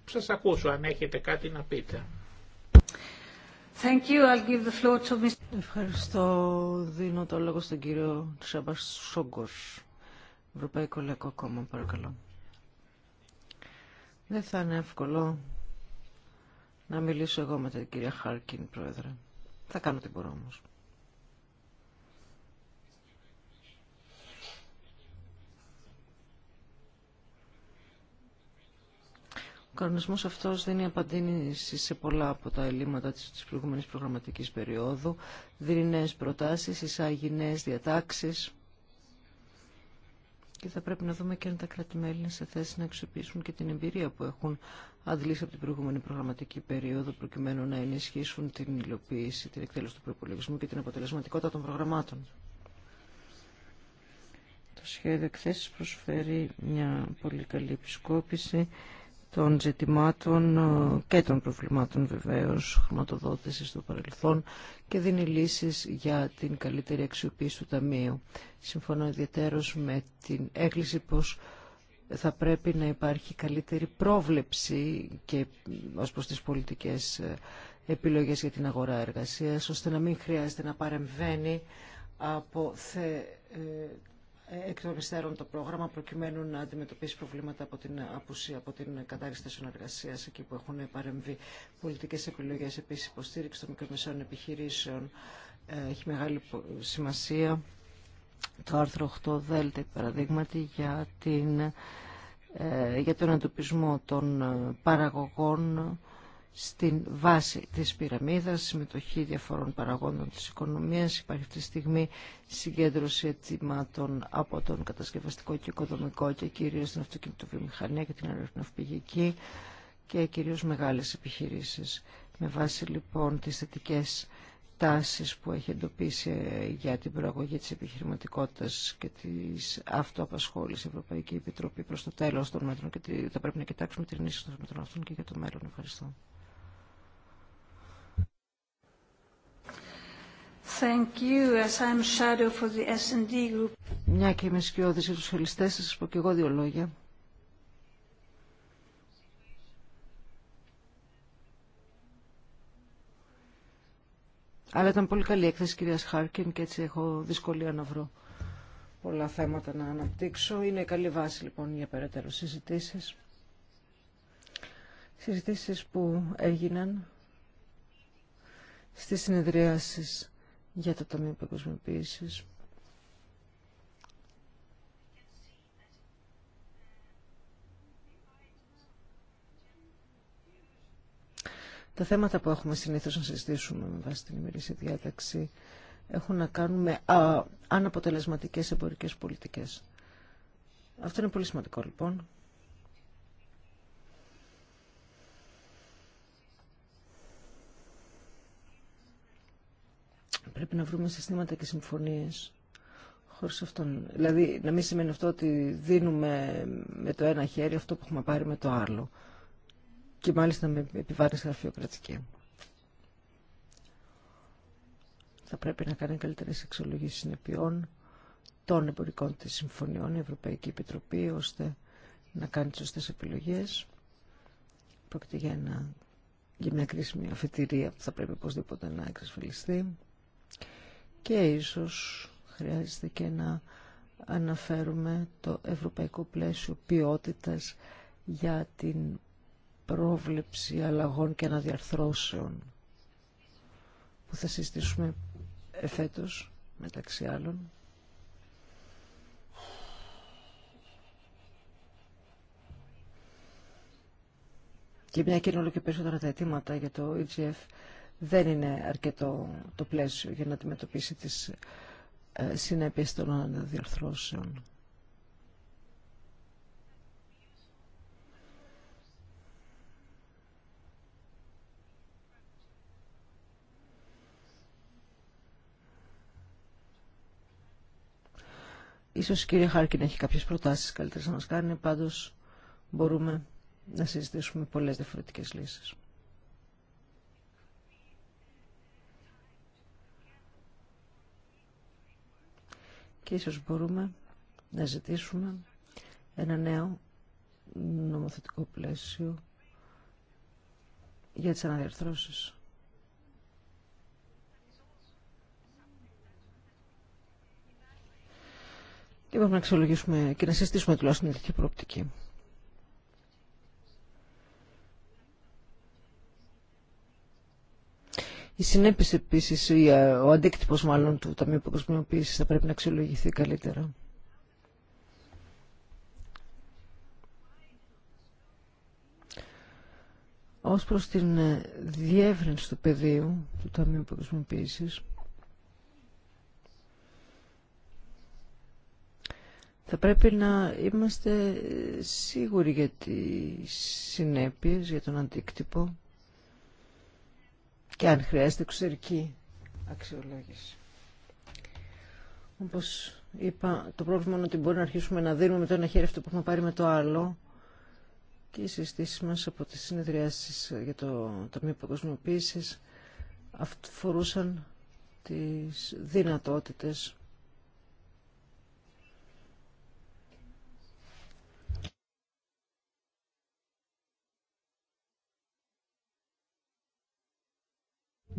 σας ακούσω αν έχετε κάτι να πείτε. Ευχαριστώ. Δίνω το λόγο στον κύριο Τσαμπασόγκος. Ευρωπαϊκό Λαϊκό Κόμμα, παρακαλώ. Δεν θα είναι εύκολο να μιλήσω εγώ με την κυρία Χάρκιν, Πρόεδρε. Θα κάνω την μπορώ όμως. Ο κανονισμός αυτός δίνει απαντήνηση σε πολλά από τα ελλείμματα της προηγούμενης προγραμματικής περίοδου, δίνει νέες προτάσεις, εισάγει νέες διατάξεις και θα πρέπει να δούμε και αν τα κράτη-μέλη είναι σε θέση να αξιοποιήσουν και την εμπειρία που έχουν αντλήσει από την προηγούμενη προγραμματική περίοδο, προκειμένου να ενισχύσουν την υλοποίηση, την εκτέλεση του προπολογισμού και την αποτελεσματικότητα των προγραμμάτων. Το σχέδιο εκθέσεις προσφέρει μια πολύ καλή επισκόπηση των ζητημάτων ε, και των προβλημάτων βεβαίως χρηματοδότησης του παρελθόν και δίνει λύσεις για την καλύτερη αξιοποίηση του Ταμείου. Συμφωνώ ιδιαίτερως με την έκκληση πως θα πρέπει να υπάρχει καλύτερη πρόβλεψη και ε, ως προς τις πολιτικές ε, επιλογές για την αγορά εργασίας, ώστε να μην χρειάζεται να παρεμβαίνει από θε, εκ των υστέρων το πρόγραμμα προκειμένου να αντιμετωπίσει προβλήματα από την απουσία, από την κατάργηση θέσεων εργασία εκεί που έχουν παρεμβεί πολιτικέ επιλογέ. Επίση, υποστήριξη των μικρομεσαίων επιχειρήσεων ε, έχει μεγάλη σημασία. Το άρθρο 8 Δέλτα, παραδείγματι, για, την, ε, για τον εντοπισμό των ε, παραγωγών στην βάση της πυραμίδας, συμμετοχή διαφορών παραγόντων της οικονομίας. Υπάρχει αυτή τη στιγμή συγκέντρωση αιτήματων από τον κατασκευαστικό και οικοδομικό και κυρίως την αυτοκινητοβιομηχανία και την αεροπνευπηγική και κυρίως μεγάλες επιχειρήσεις. Με βάση λοιπόν τις θετικέ τάσεις που έχει εντοπίσει ε, για την προαγωγή της επιχειρηματικότητας και της αυτοαπασχόλησης Ευρωπαϊκή Επιτροπή προς το τέλος των μέτρων και θα πρέπει να κοιτάξουμε την ενίσχυση των μέτρων αυτών και για το μέλλον. Ευχαριστώ. Thank you, shadow for the group. Μια και είμαι σκιώδης για τους θα σας πω και εγώ δύο λόγια. Αλλά ήταν πολύ καλή η έκθεση κυρίας Χάρκιν και έτσι έχω δυσκολία να βρω πολλά θέματα να αναπτύξω. Είναι καλή βάση λοιπόν για περαιτέρω συζητήσεις. Συζητήσεις που έγιναν στις συνεδριάσεις για το Ταμείο Παγκοσμιοποίησης. Τα θέματα που έχουμε συνήθως να συζητήσουμε με βάση την ημερήσια διάταξη έχουν να κάνουν με αναποτελεσματικές εμπορικές πολιτικές. Αυτό είναι πολύ σημαντικό λοιπόν. Πρέπει να βρούμε συστήματα και συμφωνίε. χωρίς αυτόν. Δηλαδή να μην σημαίνει αυτό ότι δίνουμε με το ένα χέρι αυτό που έχουμε πάρει με το άλλο. Και μάλιστα με επιβάρηση γραφειοκρατική. Θα πρέπει να κάνει καλύτερε εξολογήσεις συνεπειών των εμπορικών τη συμφωνιών η Ευρωπαϊκή Επιτροπή ώστε να κάνει τις σωστέ επιλογές. Πρόκειται για, ένα, για μια κρίσιμη αφετηρία που θα πρέπει οπωσδήποτε να εξασφαλιστεί. Και ίσως χρειάζεται και να αναφέρουμε το ευρωπαϊκό πλαίσιο ποιότητας για την πρόβλεψη αλλαγών και αναδιαρθρώσεων που θα συστήσουμε εφέτος μεταξύ άλλων. Και μια και όλο και περισσότερα τα αιτήματα για το EGF δεν είναι αρκετό το πλαίσιο για να αντιμετωπίσει τις ε, συνέπειες των αναδιαρθρώσεων. Ίσως η κυρία Χάρκιν έχει κάποιες προτάσεις καλύτερες να μας κάνει, πάντως μπορούμε να συζητήσουμε πολλές διαφορετικές λύσεις. και ίσως μπορούμε να ζητήσουμε ένα νέο νομοθετικό πλαίσιο για τις αναδιαρθρώσεις. Και μπορούμε να αξιολογήσουμε και να συστήσουμε τουλάχιστον την προοπτική. Η συνέπειση επίση, ο αντίκτυπο μάλλον του Ταμείου Παγκοσμιοποίηση θα πρέπει να αξιολογηθεί καλύτερα. Ω προ την ε, διεύρυνση του πεδίου του Ταμείου Παγκοσμιοποίηση, θα πρέπει να είμαστε σίγουροι για τι συνέπειε, για τον αντίκτυπο και αν χρειάζεται εξωτερική αξιολόγηση. Όπως είπα, το πρόβλημα είναι ότι μπορεί να αρχίσουμε να δίνουμε με το ένα χέρι αυτό που έχουμε πάρει με το άλλο και οι συστήσεις μας από τις συνεδριάσεις για το Ταμείο Παγκοσμιοποίησης αφορούσαν τις δυνατότητες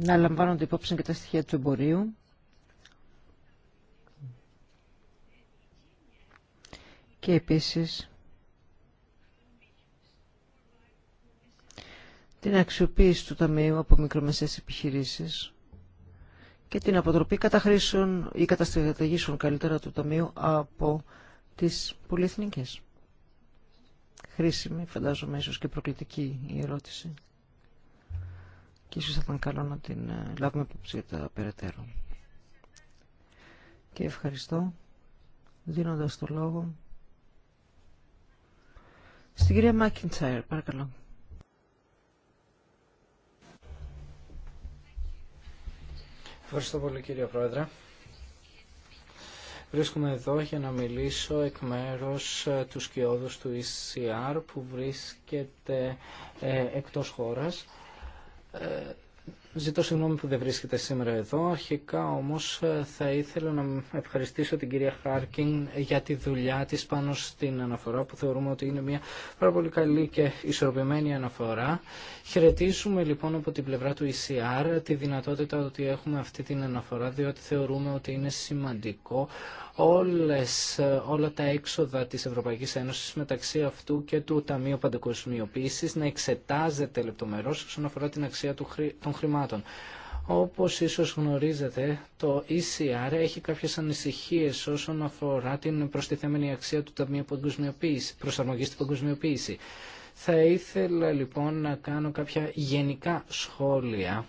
να λαμβάνονται υπόψη και τα στοιχεία του εμπορίου. Και επίσης την αξιοποίηση του Ταμείου από μικρομεσαίες επιχειρήσεις και την αποτροπή καταχρήσεων ή καταστρατηγήσεων καλύτερα του Ταμείου από τις πολυεθνικές. Χρήσιμη, φαντάζομαι, ίσως και προκλητική η ερώτηση και ίσως θα ήταν καλό να την ε, λάβουμε υπόψη για τα περαιτέρω. Και ευχαριστώ δίνοντας το λόγο στην κυρία Μάκιντσάιρ, παρακαλώ. Ευχαριστώ πολύ κύριε Πρόεδρε. Βρίσκομαι εδώ για να μιλήσω εκ μέρους ε, του σκιώδους του ECR που βρίσκεται ε, εκτός χώρας ε Ζητώ συγγνώμη που δεν βρίσκεται σήμερα εδώ. Αρχικά όμως ε, θα ήθελα να ευχαριστήσω την κυρία Χάρκιν για τη δουλειά της πάνω στην αναφορά που θεωρούμε ότι είναι μια πάρα πολύ καλή και ισορροπημένη αναφορά. Χαιρετίζουμε λοιπόν από την πλευρά του ECR τη δυνατότητα ότι έχουμε αυτή την αναφορά διότι θεωρούμε ότι είναι σημαντικό όλες, ε, όλα τα έξοδα της Ευρωπαϊκής Ένωσης μεταξύ αυτού και του Ταμείου Παντοκοσμιοποίησης να εξετάζεται λεπτομερώς όσον αφορά την αξία των χρημάτων όπως ίσως γνωρίζετε, το ECR έχει κάποιες ανησυχίες όσον αφορά την προστιθέμενη αξία του Ταμείου Προσαρμογής στην Παγκοσμιοποίηση. Θα ήθελα λοιπόν να κάνω κάποια γενικά σχόλια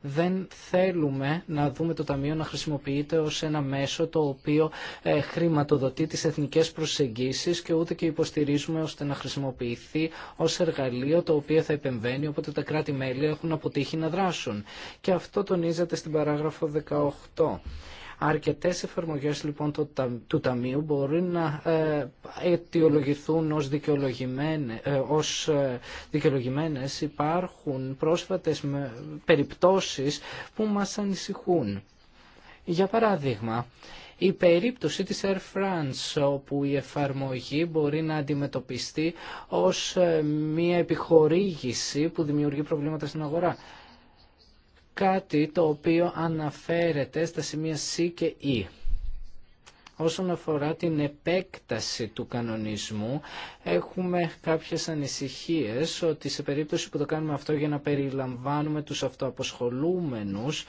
δεν θέλουμε να δούμε το Ταμείο να χρησιμοποιείται ως ένα μέσο το οποίο ε, χρηματοδοτεί τις εθνικές προσεγγίσεις και ούτε και υποστηρίζουμε ώστε να χρησιμοποιηθεί ως εργαλείο το οποίο θα επεμβαίνει οπότε τα κράτη-μέλη έχουν αποτύχει να δράσουν. Και αυτό τονίζεται στην παράγραφο 18. Αρκετές εφαρμογές λοιπόν του, Ταμείου μπορεί να ε, αιτιολογηθούν ως, δικαιολογημένε, ως ε, δικαιολογημένες. Υπάρχουν πρόσφατες περιπτώσεις που μας ανησυχούν. Για παράδειγμα, η περίπτωση της Air France όπου η εφαρμογή μπορεί να αντιμετωπιστεί ως ε, μια επιχορήγηση που δημιουργεί προβλήματα στην αγορά κάτι το οποίο αναφέρεται στα σημεία C και E. Όσον αφορά την επέκταση του κανονισμού, έχουμε κάποιες ανησυχίες ότι σε περίπτωση που το κάνουμε αυτό για να περιλαμβάνουμε τους αυτοαποσχολούμενους,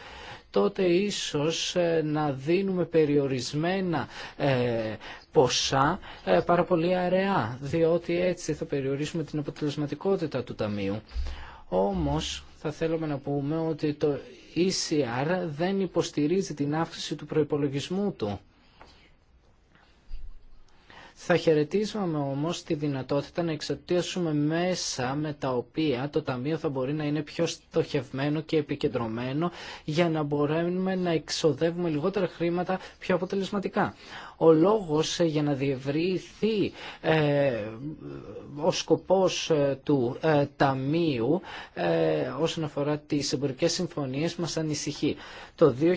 τότε ίσως ε, να δίνουμε περιορισμένα ε, ποσά ε, πάρα πολύ αραιά, διότι έτσι θα περιορίσουμε την αποτελεσματικότητα του Ταμείου. Όμως, θα θέλουμε να πούμε ότι το ECR δεν υποστηρίζει την αύξηση του προϋπολογισμού του. Θα χαιρετίσουμε όμως τη δυνατότητα να εξετάσουμε μέσα με τα οποία το Ταμείο θα μπορεί να είναι πιο στοχευμένο και επικεντρωμένο για να μπορέσουμε να εξοδεύουμε λιγότερα χρήματα πιο αποτελεσματικά. Ο λόγος ε, για να διευρύνθει ε, ο σκοπός ε, του Ταμείου ε, όσον αφορά τις εμπορικές συμφωνίες μας ανησυχεί. Το 2013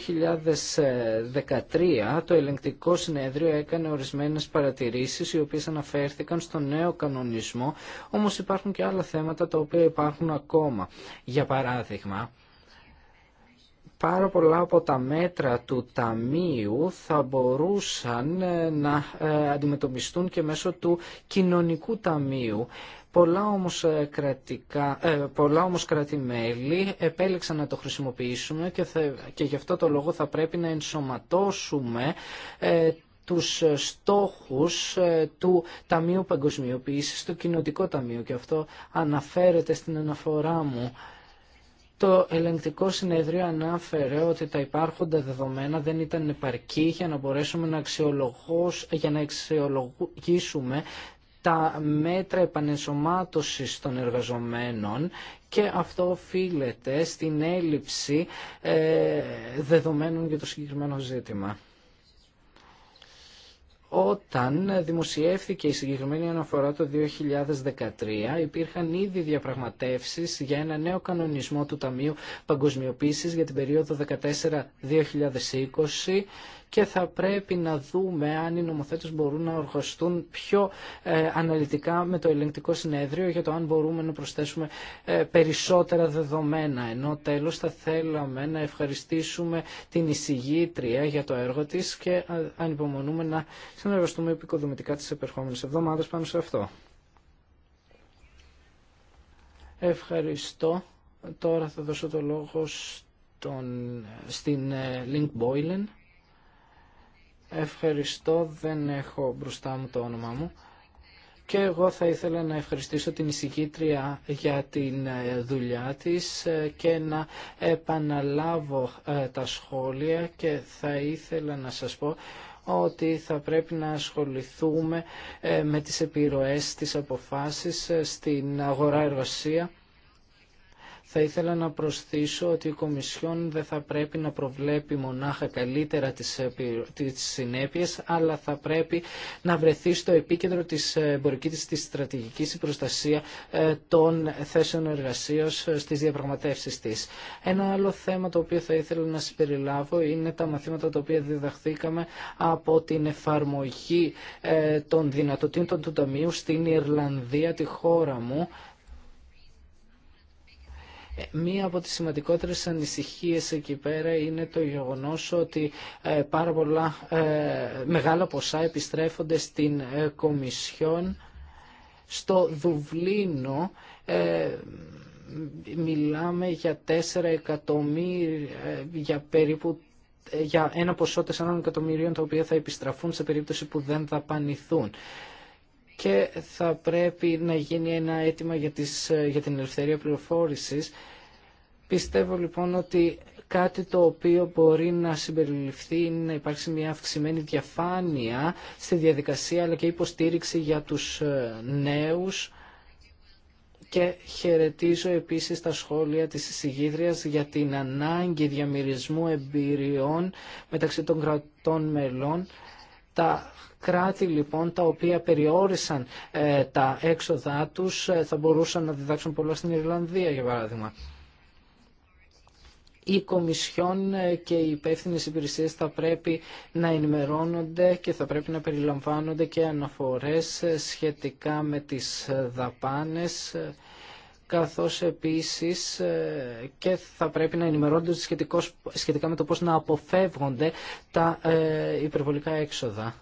το ελεγκτικό συνέδριο έκανε ορισμένες παρατηρήσεις λύσεις οι οποίες αναφέρθηκαν στο νέο κανονισμό, όμως υπάρχουν και άλλα θέματα τα οποία υπάρχουν ακόμα. Για παράδειγμα, πάρα πολλά από τα μέτρα του Ταμείου θα μπορούσαν ε, να ε, αντιμετωπιστούν και μέσω του Κοινωνικού Ταμείου. Πολλά όμως, ε, κρατικά, πολλά όμως κρατημέλη επέλεξαν να το χρησιμοποιήσουμε και, θα, και γι' αυτό το λόγο θα πρέπει να ενσωματώσουμε τους ε, στόχους ε, του Ταμείου Παγκοσμιοποίησης στο Κοινοτικό Ταμείο και αυτό αναφέρεται στην αναφορά μου. Το ελεγκτικό συνεδρίο ανάφερε ότι τα υπάρχοντα δεδομένα δεν ήταν επαρκή για να μπορέσουμε να, για να αξιολογήσουμε τα μέτρα επανενσωμάτωσης των εργαζομένων και αυτό οφείλεται στην έλλειψη ε, δεδομένων για το συγκεκριμένο ζήτημα. Όταν δημοσιεύθηκε η συγκεκριμένη αναφορά το 2013 υπήρχαν ήδη διαπραγματεύσεις για ένα νέο κανονισμό του Ταμείου Παγκοσμιοποίησης για την περίοδο 14-2020 και θα πρέπει να δούμε αν οι νομοθέτε μπορούν να οργαστούν πιο ε, αναλυτικά με το ελεγκτικό συνέδριο για το αν μπορούμε να προσθέσουμε ε, περισσότερα δεδομένα. Ενώ τέλος θα θέλαμε να ευχαριστήσουμε την εισηγήτρια για το έργο τη και ε, ανυπομονούμε να συνεργαστούμε επικοδομητικά τις επερχόμενε εβδομάδες πάνω σε αυτό. Ευχαριστώ. Τώρα θα δώσω το λόγο στην Link Boylan. Ευχαριστώ, δεν έχω μπροστά μου το όνομά μου. Και εγώ θα ήθελα να ευχαριστήσω την εισηγήτρια για την ε, δουλειά της ε, και να επαναλάβω ε, τα σχόλια και θα ήθελα να σας πω ότι θα πρέπει να ασχοληθούμε με τις επιρροές της αποφάσεις στην αγορά εργασία θα ήθελα να προσθέσω ότι η Κομισιόν δεν θα πρέπει να προβλέπει μονάχα καλύτερα τις συνέπειες, αλλά θα πρέπει να βρεθεί στο επίκεντρο της ε, εμπορικής της στρατηγικής η προστασία ε, των θέσεων εργασίας ε, στις διαπραγματεύσεις της. Ένα άλλο θέμα το οποίο θα ήθελα να συμπεριλάβω είναι τα μαθήματα τα οποία διδαχθήκαμε από την εφαρμογή των δυνατοτήτων του Ταμείου στην Ιρλανδία, τη χώρα μου, ε, μία από τις σημαντικότερες ανησυχίες εκεί πέρα είναι το γεγονός ότι ε, πάρα πολλά ε, μεγάλα ποσά επιστρέφονται στην Κομισιόν στο Δουβλίνο μιλάμε για 4 εκατομμύρια, για περίπου για ένα ποσό 4 εκατομμυρίων τα οποία θα επιστραφούν σε περίπτωση που δεν θα πανηθούν και θα πρέπει να γίνει ένα αίτημα για, τις, για την ελευθερία πληροφόρησης. Πιστεύω λοιπόν ότι κάτι το οποίο μπορεί να συμπεριληφθεί είναι να υπάρξει μια αυξημένη διαφάνεια στη διαδικασία αλλά και υποστήριξη για τους ε, νέους και χαιρετίζω επίσης τα σχόλια της εισηγήτριας για την ανάγκη διαμυρισμού εμπειριών μεταξύ των κρατών μελών τα κράτη λοιπόν τα οποία περιόρισαν ε, τα έξοδά τους ε, θα μπορούσαν να διδάξουν πολλά στην Ιρλανδία για παράδειγμα. Οι Κομισιόν ε, και οι υπεύθυνε υπηρεσίε θα πρέπει να ενημερώνονται και θα πρέπει να περιλαμβάνονται και αναφορές σχετικά με τις δαπάνες καθώς επίσης ε, και θα πρέπει να ενημερώνονται σχετικά με το πώς να αποφεύγονται τα ε, υπερβολικά έξοδα.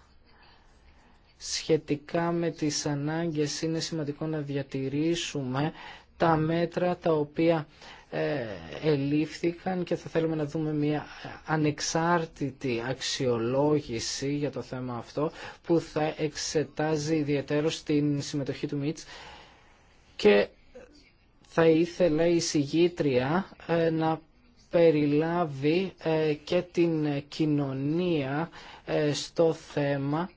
Σχετικά με τις ανάγκες είναι σημαντικό να διατηρήσουμε τα μέτρα τα οποία ε, ελήφθηκαν και θα θέλουμε να δούμε μια ανεξάρτητη αξιολόγηση για το θέμα αυτό που θα εξετάζει ιδιαίτερο στην συμμετοχή του ΜΙΤΣ και θα ήθελα η συγγήτρια ε, να περιλάβει ε, και την κοινωνία ε, στο θέμα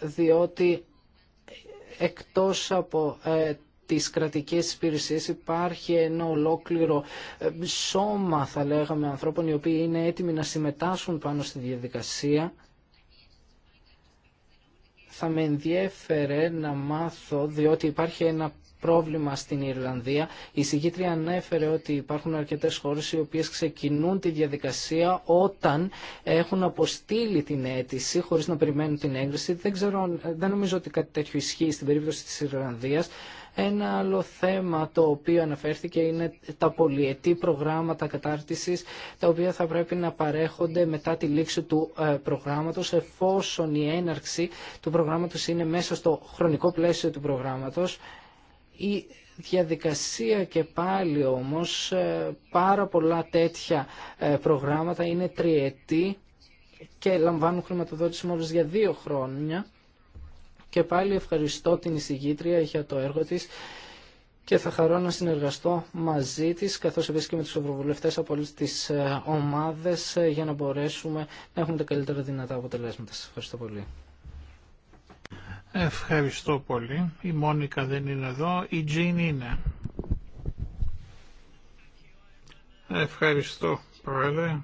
διότι εκτός από τις κρατικές υπηρεσίες υπάρχει ένα ολόκληρο σώμα θα λέγαμε ανθρώπων οι οποίοι είναι έτοιμοι να συμμετάσχουν πάνω στη διαδικασία θα με ενδιέφερε να μάθω διότι υπάρχει ένα πρόβλημα στην Ιρλανδία. Η συγκήτρια ανέφερε ότι υπάρχουν αρκετές χώρες οι οποίες ξεκινούν τη διαδικασία όταν έχουν αποστείλει την αίτηση χωρίς να περιμένουν την έγκριση. Δεν, ξέρω, νομίζω ότι κάτι τέτοιο ισχύει στην περίπτωση της Ιρλανδίας. Ένα άλλο θέμα το οποίο αναφέρθηκε είναι τα πολυετή προγράμματα κατάρτισης τα οποία θα πρέπει να παρέχονται μετά τη λήξη του ε, προγράμματος εφόσον η έναρξη του προγράμματος είναι μέσα στο χρονικό πλαίσιο του προγράμματος η διαδικασία και πάλι όμως ε, πάρα πολλά τέτοια ε, προγράμματα είναι τριετή και λαμβάνουν χρηματοδότηση μόλις για δύο χρόνια. Και πάλι ευχαριστώ την εισηγήτρια για το έργο της και θα χαρώ να συνεργαστώ μαζί της καθώς επίσης και με τους ευρωβουλευτές από όλες τις ε, ομάδες για να μπορέσουμε να έχουμε τα καλύτερα δυνατά αποτελέσματα. Σας ευχαριστώ πολύ. Ευχαριστώ πολύ. Η Μόνικα δεν είναι εδώ, η Τζιν είναι. Ευχαριστώ πρόεδρε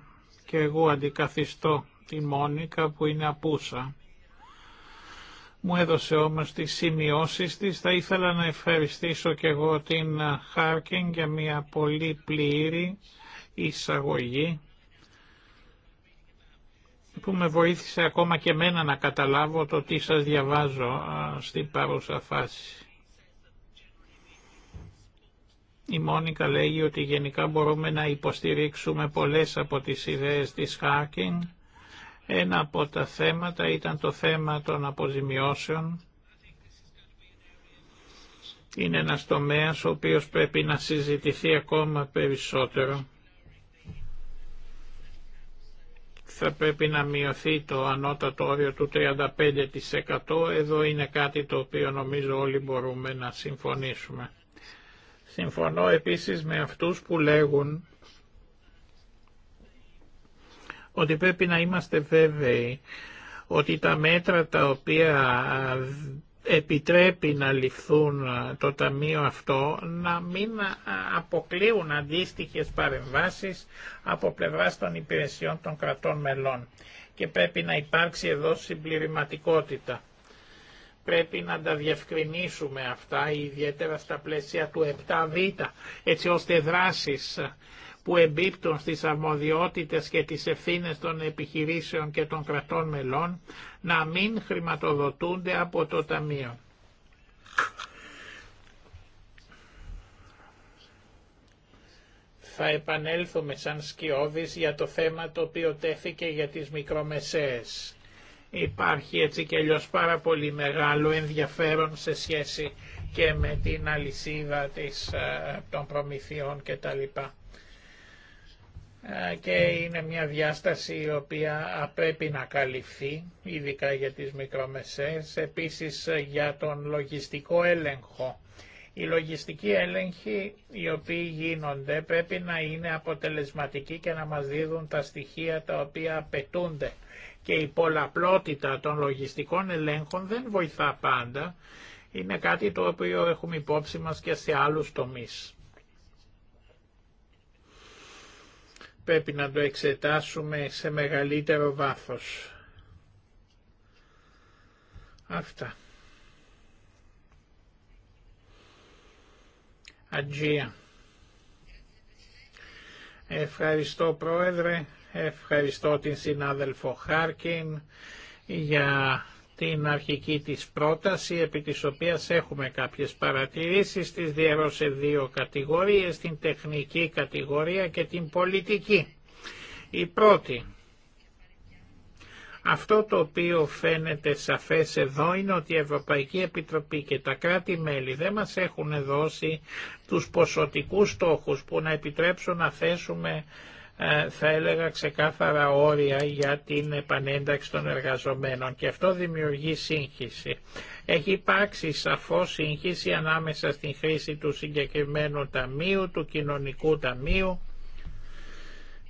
και εγώ αντικαθιστώ τη Μόνικα που είναι απούσα. Μου έδωσε όμως τις σημειώσεις της. Θα ήθελα να ευχαριστήσω και εγώ την Χάρκιν για μια πολύ πλήρη εισαγωγή που με βοήθησε ακόμα και μένα να καταλάβω το τι σας διαβάζω στην παρούσα φάση. Η Μόνικα λέγει ότι γενικά μπορούμε να υποστηρίξουμε πολλές από τις ιδέες της hacking. Ένα από τα θέματα ήταν το θέμα των αποζημιώσεων. Είναι ένας τομέας ο οποίος πρέπει να συζητηθεί ακόμα περισσότερο. θα πρέπει να μειωθεί το ανώτατο όριο του 35%. Εδώ είναι κάτι το οποίο νομίζω όλοι μπορούμε να συμφωνήσουμε. Συμφωνώ επίσης με αυτούς που λέγουν ότι πρέπει να είμαστε βέβαιοι ότι τα μέτρα τα οποία επιτρέπει να ληφθούν το Ταμείο αυτό να μην αποκλείουν αντίστοιχες παρεμβάσεις από πλευράς των υπηρεσιών των κρατών μελών και πρέπει να υπάρξει εδώ συμπληρωματικότητα. Πρέπει να τα διευκρινίσουμε αυτά, ιδιαίτερα στα πλαίσια του 7β, έτσι ώστε δράσεις που εμπίπτουν στις αρμοδιότητες και τις ευθύνες των επιχειρήσεων και των κρατών μελών να μην χρηματοδοτούνται από το Ταμείο. Θα επανέλθουμε σαν σκιώδης για το θέμα το οποίο τέθηκε για τις μικρομεσαίες. Υπάρχει έτσι και αλλιώς πάρα πολύ μεγάλο ενδιαφέρον σε σχέση και με την αλυσίδα της, ε, των προμηθειών κτλ. Ε, και είναι μια διάσταση η οποία πρέπει να καλυφθεί, ειδικά για τις μικρομεσαίες, επίσης ε, για τον λογιστικό έλεγχο. Οι λογιστικοί έλεγχοι οι οποίοι γίνονται πρέπει να είναι αποτελεσματικοί και να μας δίδουν τα στοιχεία τα οποία απαιτούνται. Και η πολλαπλότητα των λογιστικών ελέγχων δεν βοηθά πάντα. Είναι κάτι το οποίο έχουμε υπόψη μας και σε άλλους τομείς. πρέπει να το εξετάσουμε σε μεγαλύτερο βάθος. Αυτά. Ατζία. Ευχαριστώ Πρόεδρε, ευχαριστώ την συνάδελφο Χάρκιν για την αρχική της πρόταση επί της οποίας έχουμε κάποιες παρατηρήσεις της διαιρώ δύο κατηγορίες, την τεχνική κατηγορία και την πολιτική. Η πρώτη, αυτό το οποίο φαίνεται σαφές εδώ είναι ότι η Ευρωπαϊκή Επιτροπή και τα κράτη-μέλη δεν μας έχουν δώσει τους ποσοτικούς στόχους που να επιτρέψουν να θέσουμε ε, θα έλεγα ξεκάθαρα όρια για την επανένταξη των εργαζομένων και αυτό δημιουργεί σύγχυση. Έχει υπάρξει σαφώς σύγχυση ανάμεσα στην χρήση του συγκεκριμένου ταμείου, του κοινωνικού ταμείου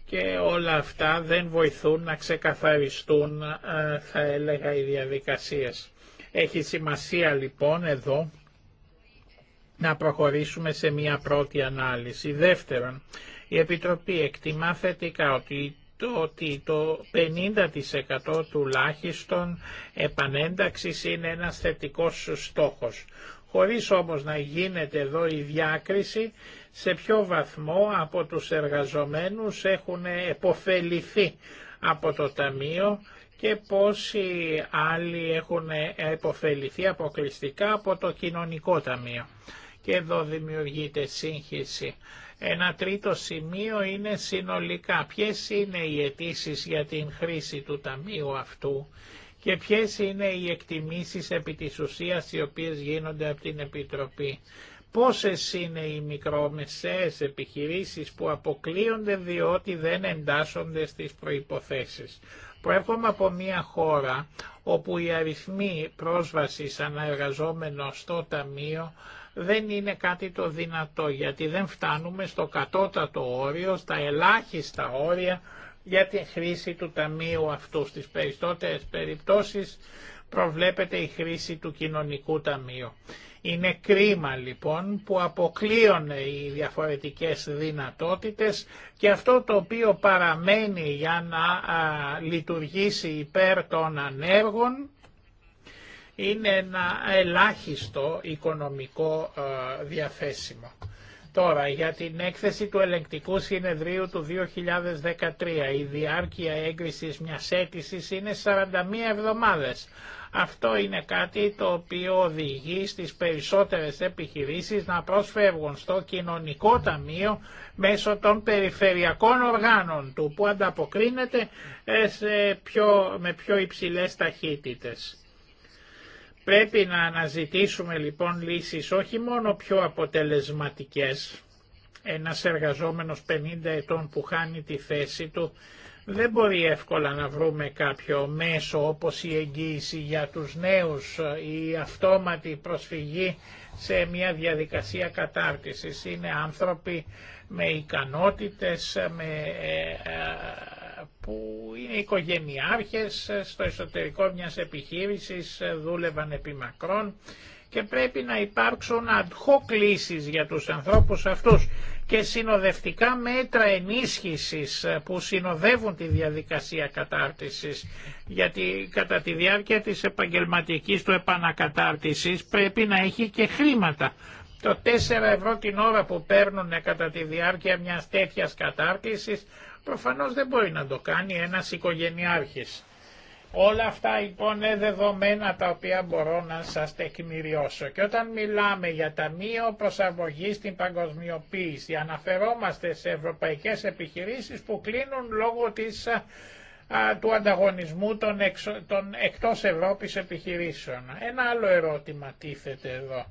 και όλα αυτά δεν βοηθούν να ξεκαθαριστούν ε, θα έλεγα οι διαδικασίες. Έχει σημασία λοιπόν εδώ να προχωρήσουμε σε μια πρώτη ανάλυση. Δεύτερον, η Επιτροπή εκτιμά θετικά ότι το ότι το 50% τουλάχιστον επανένταξης είναι ένας θετικός στόχος. Χωρίς όμως να γίνεται εδώ η διάκριση σε ποιο βαθμό από τους εργαζομένους έχουν επωφεληθεί από το Ταμείο και πόσοι άλλοι έχουν επωφεληθεί αποκλειστικά από το Κοινωνικό Ταμείο. Και εδώ δημιουργείται σύγχυση ένα τρίτο σημείο είναι συνολικά ποιες είναι οι αιτήσει για την χρήση του ταμείου αυτού και ποιες είναι οι εκτιμήσεις επί της ουσίας οι οποίες γίνονται από την Επιτροπή. Πόσες είναι οι μικρομεσαίες επιχειρήσεις που αποκλείονται διότι δεν εντάσσονται στις προϋποθέσεις. Προέρχομαι από μια χώρα όπου οι αριθμοί πρόσβασης αναεργαζόμενο στο Ταμείο δεν είναι κάτι το δυνατό γιατί δεν φτάνουμε στο κατώτατο όριο, στα ελάχιστα όρια για τη χρήση του ταμείου αυτού. Στις περισσότερες περιπτώσεις προβλέπεται η χρήση του κοινωνικού ταμείου. Είναι κρίμα λοιπόν που αποκλείονται οι διαφορετικές δυνατότητες και αυτό το οποίο παραμένει για να λειτουργήσει υπέρ των ανέργων είναι ένα ελάχιστο οικονομικό ε, διαθέσιμο. Τώρα, για την έκθεση του ελεγκτικού συνεδρίου του 2013, η διάρκεια έγκρισης μιας αίτησης είναι 41 εβδομάδες. Αυτό είναι κάτι το οποίο οδηγεί στις περισσότερες επιχειρήσεις να προσφεύγουν στο κοινωνικό ταμείο μέσω των περιφερειακών οργάνων του που ανταποκρίνεται ε, σε πιο, με πιο υψηλές ταχύτητες. Πρέπει να αναζητήσουμε λοιπόν λύσεις όχι μόνο πιο αποτελεσματικές. Ένας εργαζόμενος 50 ετών που χάνει τη θέση του δεν μπορεί εύκολα να βρούμε κάποιο μέσο όπως η εγγύηση για τους νέους ή η αυτόματη προσφυγή σε μια διαδικασία κατάρτισης. Είναι άνθρωποι με ικανότητες, με ε, ε, που είναι οικογενειάρχες ε, στο εσωτερικό μιας επιχείρησης, ε, δούλευαν επί μακρόν και πρέπει να υπάρξουν ad hoc για τους ανθρώπους αυτούς και συνοδευτικά μέτρα ενίσχυσης ε, που συνοδεύουν τη διαδικασία κατάρτισης γιατί κατά τη διάρκεια της επαγγελματικής του επανακατάρτισης πρέπει να έχει και χρήματα το 4 ευρώ την ώρα που παίρνουν κατά τη διάρκεια μιας τέτοιας κατάρτισης προφανώς δεν μπορεί να το κάνει ένας οικογενειάρχης. Όλα αυτά λοιπόν είναι δεδομένα τα οποία μπορώ να σας τεκμηριώσω. Και όταν μιλάμε για ταμείο προσαρμογή στην παγκοσμιοποίηση, αναφερόμαστε σε ευρωπαϊκές επιχειρήσεις που κλείνουν λόγω της, του ανταγωνισμού των, εξ, των εκτός Ευρώπης επιχειρήσεων. Ένα άλλο ερώτημα τίθεται εδώ.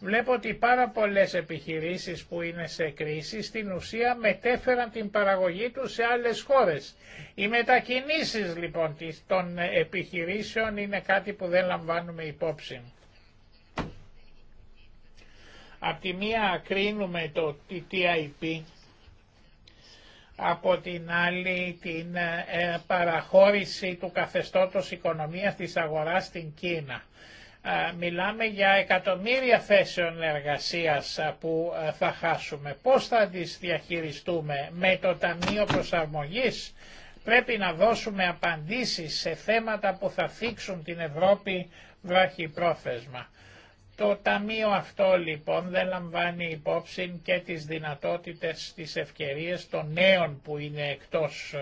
Βλέπω ότι πάρα πολλές επιχειρήσεις που είναι σε κρίση στην ουσία μετέφεραν την παραγωγή τους σε άλλες χώρες. Οι μετακινήσεις λοιπόν των επιχειρήσεων είναι κάτι που δεν λαμβάνουμε υπόψη. Απ' τη μία κρίνουμε το TTIP, από την άλλη την ε, παραχώρηση του καθεστώτος οικονομίας της αγοράς στην Κίνα. Μιλάμε για εκατομμύρια θέσεων εργασίας που θα χάσουμε. Πώς θα τις διαχειριστούμε με το Ταμείο Προσαρμογής. Πρέπει να δώσουμε απαντήσεις σε θέματα που θα θίξουν την Ευρώπη βραχυπρόθεσμα. Το Ταμείο αυτό λοιπόν δεν λαμβάνει υπόψη και τις δυνατότητες, τις ευκαιρίες των νέων που είναι εκτός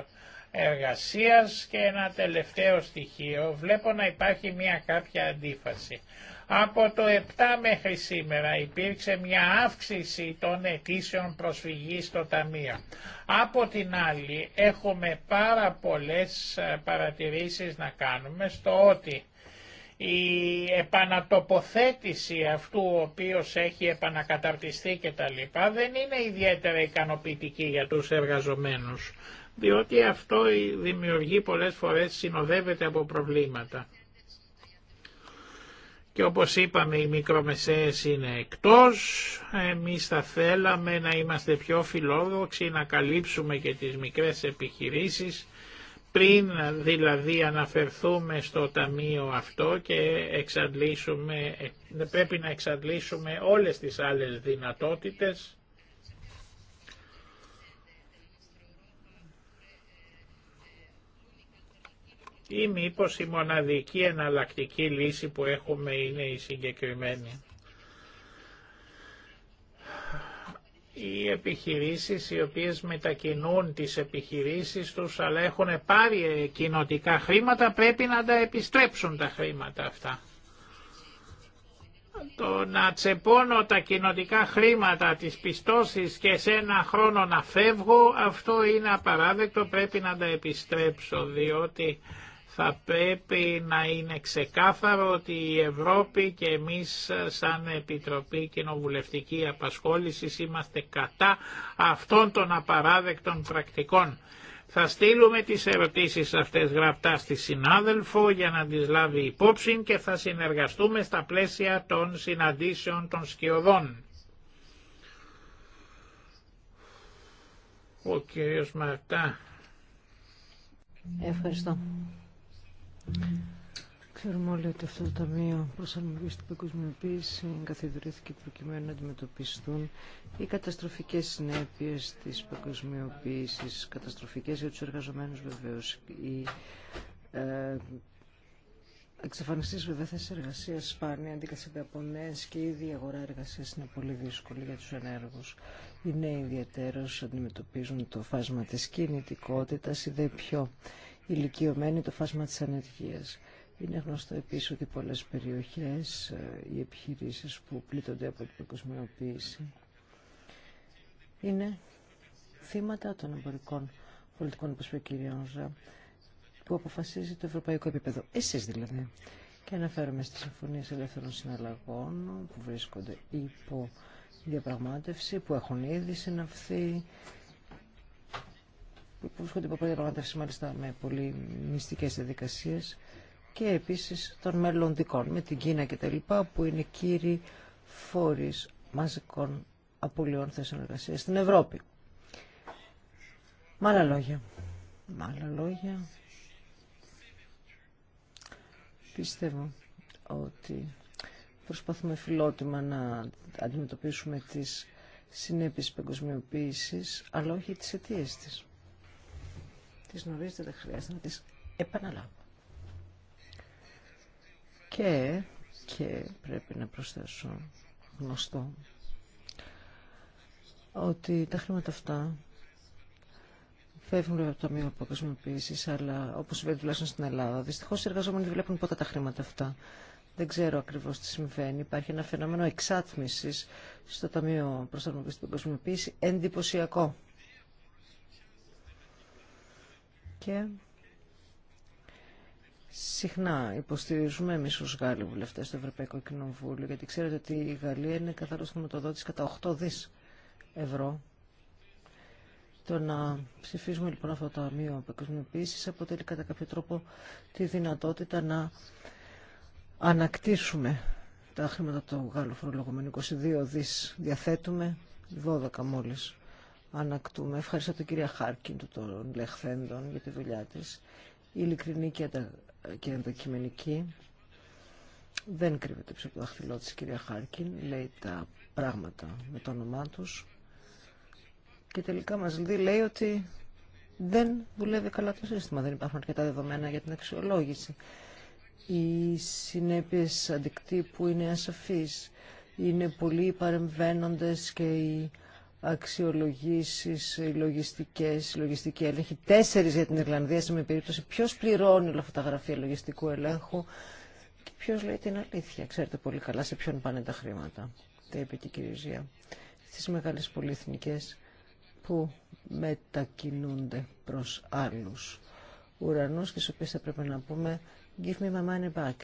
εργασίας και ένα τελευταίο στοιχείο βλέπω να υπάρχει μια κάποια αντίφαση. Από το 7 μέχρι σήμερα υπήρξε μια αύξηση των αιτήσεων προσφυγής στο Ταμείο. Από την άλλη έχουμε πάρα πολλές ε, παρατηρήσεις να κάνουμε στο ότι η επανατοποθέτηση αυτού ο οποίος έχει επανακαταρτιστεί και τα δεν είναι ιδιαίτερα ικανοποιητική για τους εργαζομένους διότι αυτό δημιουργεί πολλές φορές, συνοδεύεται από προβλήματα. Και όπως είπαμε οι μικρομεσαίες είναι εκτός, εμείς θα θέλαμε να είμαστε πιο φιλόδοξοι, να καλύψουμε και τις μικρές επιχειρήσεις, πριν δηλαδή αναφερθούμε στο ταμείο αυτό και εξαντλήσουμε, πρέπει να εξαντλήσουμε όλες τις άλλες δυνατότητες ή μήπως η μοναδική εναλλακτική λύση που έχουμε είναι η συγκεκριμένη. οι επιχειρήσεις οι οποίες μετακινούν τις επιχειρήσεις τους αλλά έχουν πάρει κοινοτικά χρήματα πρέπει να τα επιστρέψουν τα χρήματα αυτά. Το να τσεπώνω τα κοινοτικά χρήματα της πιστώσης και σε ένα χρόνο να φεύγω αυτό είναι απαράδεκτο πρέπει να τα επιστρέψω διότι θα πρέπει να είναι ξεκάθαρο ότι η Ευρώπη και εμείς σαν Επιτροπή Κοινοβουλευτική Απασχόλησης είμαστε κατά αυτών των απαράδεκτων πρακτικών. Θα στείλουμε τις ερωτήσεις αυτές γραπτά στη συνάδελφο για να τις λάβει υπόψη και θα συνεργαστούμε στα πλαίσια των συναντήσεων των σκιωδών. Ο κύριος Μαρτά. Ευχαριστώ. Ξέρουμε όλοι ότι αυτό το Ταμείο Προσαρμογή στην Παγκοσμιοποίηση καθιδρύθηκε προκειμένου να αντιμετωπιστούν οι καταστροφικέ συνέπειε τη παγκοσμιοποίηση, καταστροφικέ για του εργαζομένου βεβαίω. Η ε, εξαφανιστή βέβαια θέση εργασία σπάνια, αντικαθιδαπονέ από νέε και η αγορά εργασία είναι πολύ δύσκολη για του ενέργου. Οι νέοι ιδιαίτερω αντιμετωπίζουν το φάσμα τη κινητικότητα, η δε πιο ηλικιωμένη το φάσμα της ανεργίας. Είναι γνωστό επίσης ότι πολλές περιοχές, ε, οι επιχειρήσεις που πλήττονται από την κοσμιοποίηση, είναι θύματα των εμπορικών πολιτικών, όπως είπε ο κ. που αποφασίζει το ευρωπαϊκό επίπεδο. Εσείς δηλαδή. Και αναφέρομαι στις συμφωνίες ελεύθερων συναλλαγών που βρίσκονται υπό διαπραγμάτευση, που έχουν ήδη συναυθεί, που βρίσκονται υπό διαπραγματεύσει μάλιστα με πολύ μυστικέ διαδικασίε και επίση των μελλοντικών με την Κίνα κτλ. που είναι κύριοι φόροι μαζικών απολειών θέσεων εργασία στην Ευρώπη. Με άλλα λόγια. Με άλλα λόγια. Πιστεύω ότι προσπαθούμε φιλότιμα να αντιμετωπίσουμε τις συνέπειες παγκοσμιοποίησης, αλλά όχι τις αιτίες της τις γνωρίζετε, δεν χρειάζεται να τις επαναλάβω. Και, και πρέπει να προσθέσω γνωστό ότι τα χρήματα αυτά φεύγουν από το Ταμείο Αποκοσμιοποίηση, αλλά όπω συμβαίνει τουλάχιστον στην Ελλάδα, δυστυχώ οι εργαζόμενοι δεν βλέπουν πότε τα χρήματα αυτά. Δεν ξέρω ακριβώ τι συμβαίνει. Υπάρχει ένα φαινόμενο εξάτμιση στο Ταμείο Προσαρμογή στην εντυπωσιακό. και συχνά υποστηρίζουμε εμεί ω Γάλλοι βουλευτέ στο Ευρωπαϊκό Κοινοβούλιο, γιατί ξέρετε ότι η Γαλλία είναι καθαρό χρηματοδότη κατά 8 δι ευρώ. Το να ψηφίζουμε λοιπόν αυτό το Ταμείο αποκοσμιοποίηση αποτελεί κατά κάποιο τρόπο τη δυνατότητα να ανακτήσουμε τα χρήματα του Γάλλου φορολογουμένου. 22 δι διαθέτουμε, 12 μόλι ανακτούμε. Ευχαριστώ την κυρία Χάρκιν του των Λεχθέντων για τη δουλειά της. Ειλικρινή και, αντα... και Δεν κρύβεται πίσω από το δαχτυλό της κυρία Χάρκιν. Λέει τα πράγματα με το όνομά τους. Και τελικά μας δει, λέει ότι δεν δουλεύει καλά το σύστημα. Δεν υπάρχουν αρκετά δεδομένα για την αξιολόγηση. Οι συνέπειες αντικτύπου είναι ασαφείς. Είναι πολλοί οι παρεμβαίνοντες και οι αξιολογήσεις, οι λογιστικές, οι λογιστικοί Τέσσερις για την Ιρλανδία, σε μια περίπτωση. Ποιος πληρώνει όλα αυτά τα γραφεία λογιστικού ελέγχου και ποιος λέει την αλήθεια. Ξέρετε πολύ καλά σε ποιον πάνε τα χρήματα. Τα είπε και η κυρία Στις μεγάλες πολυεθνικές που μετακινούνται προς άλλους ουρανούς και στους οποίους θα πρέπει να πούμε «Give me my money back».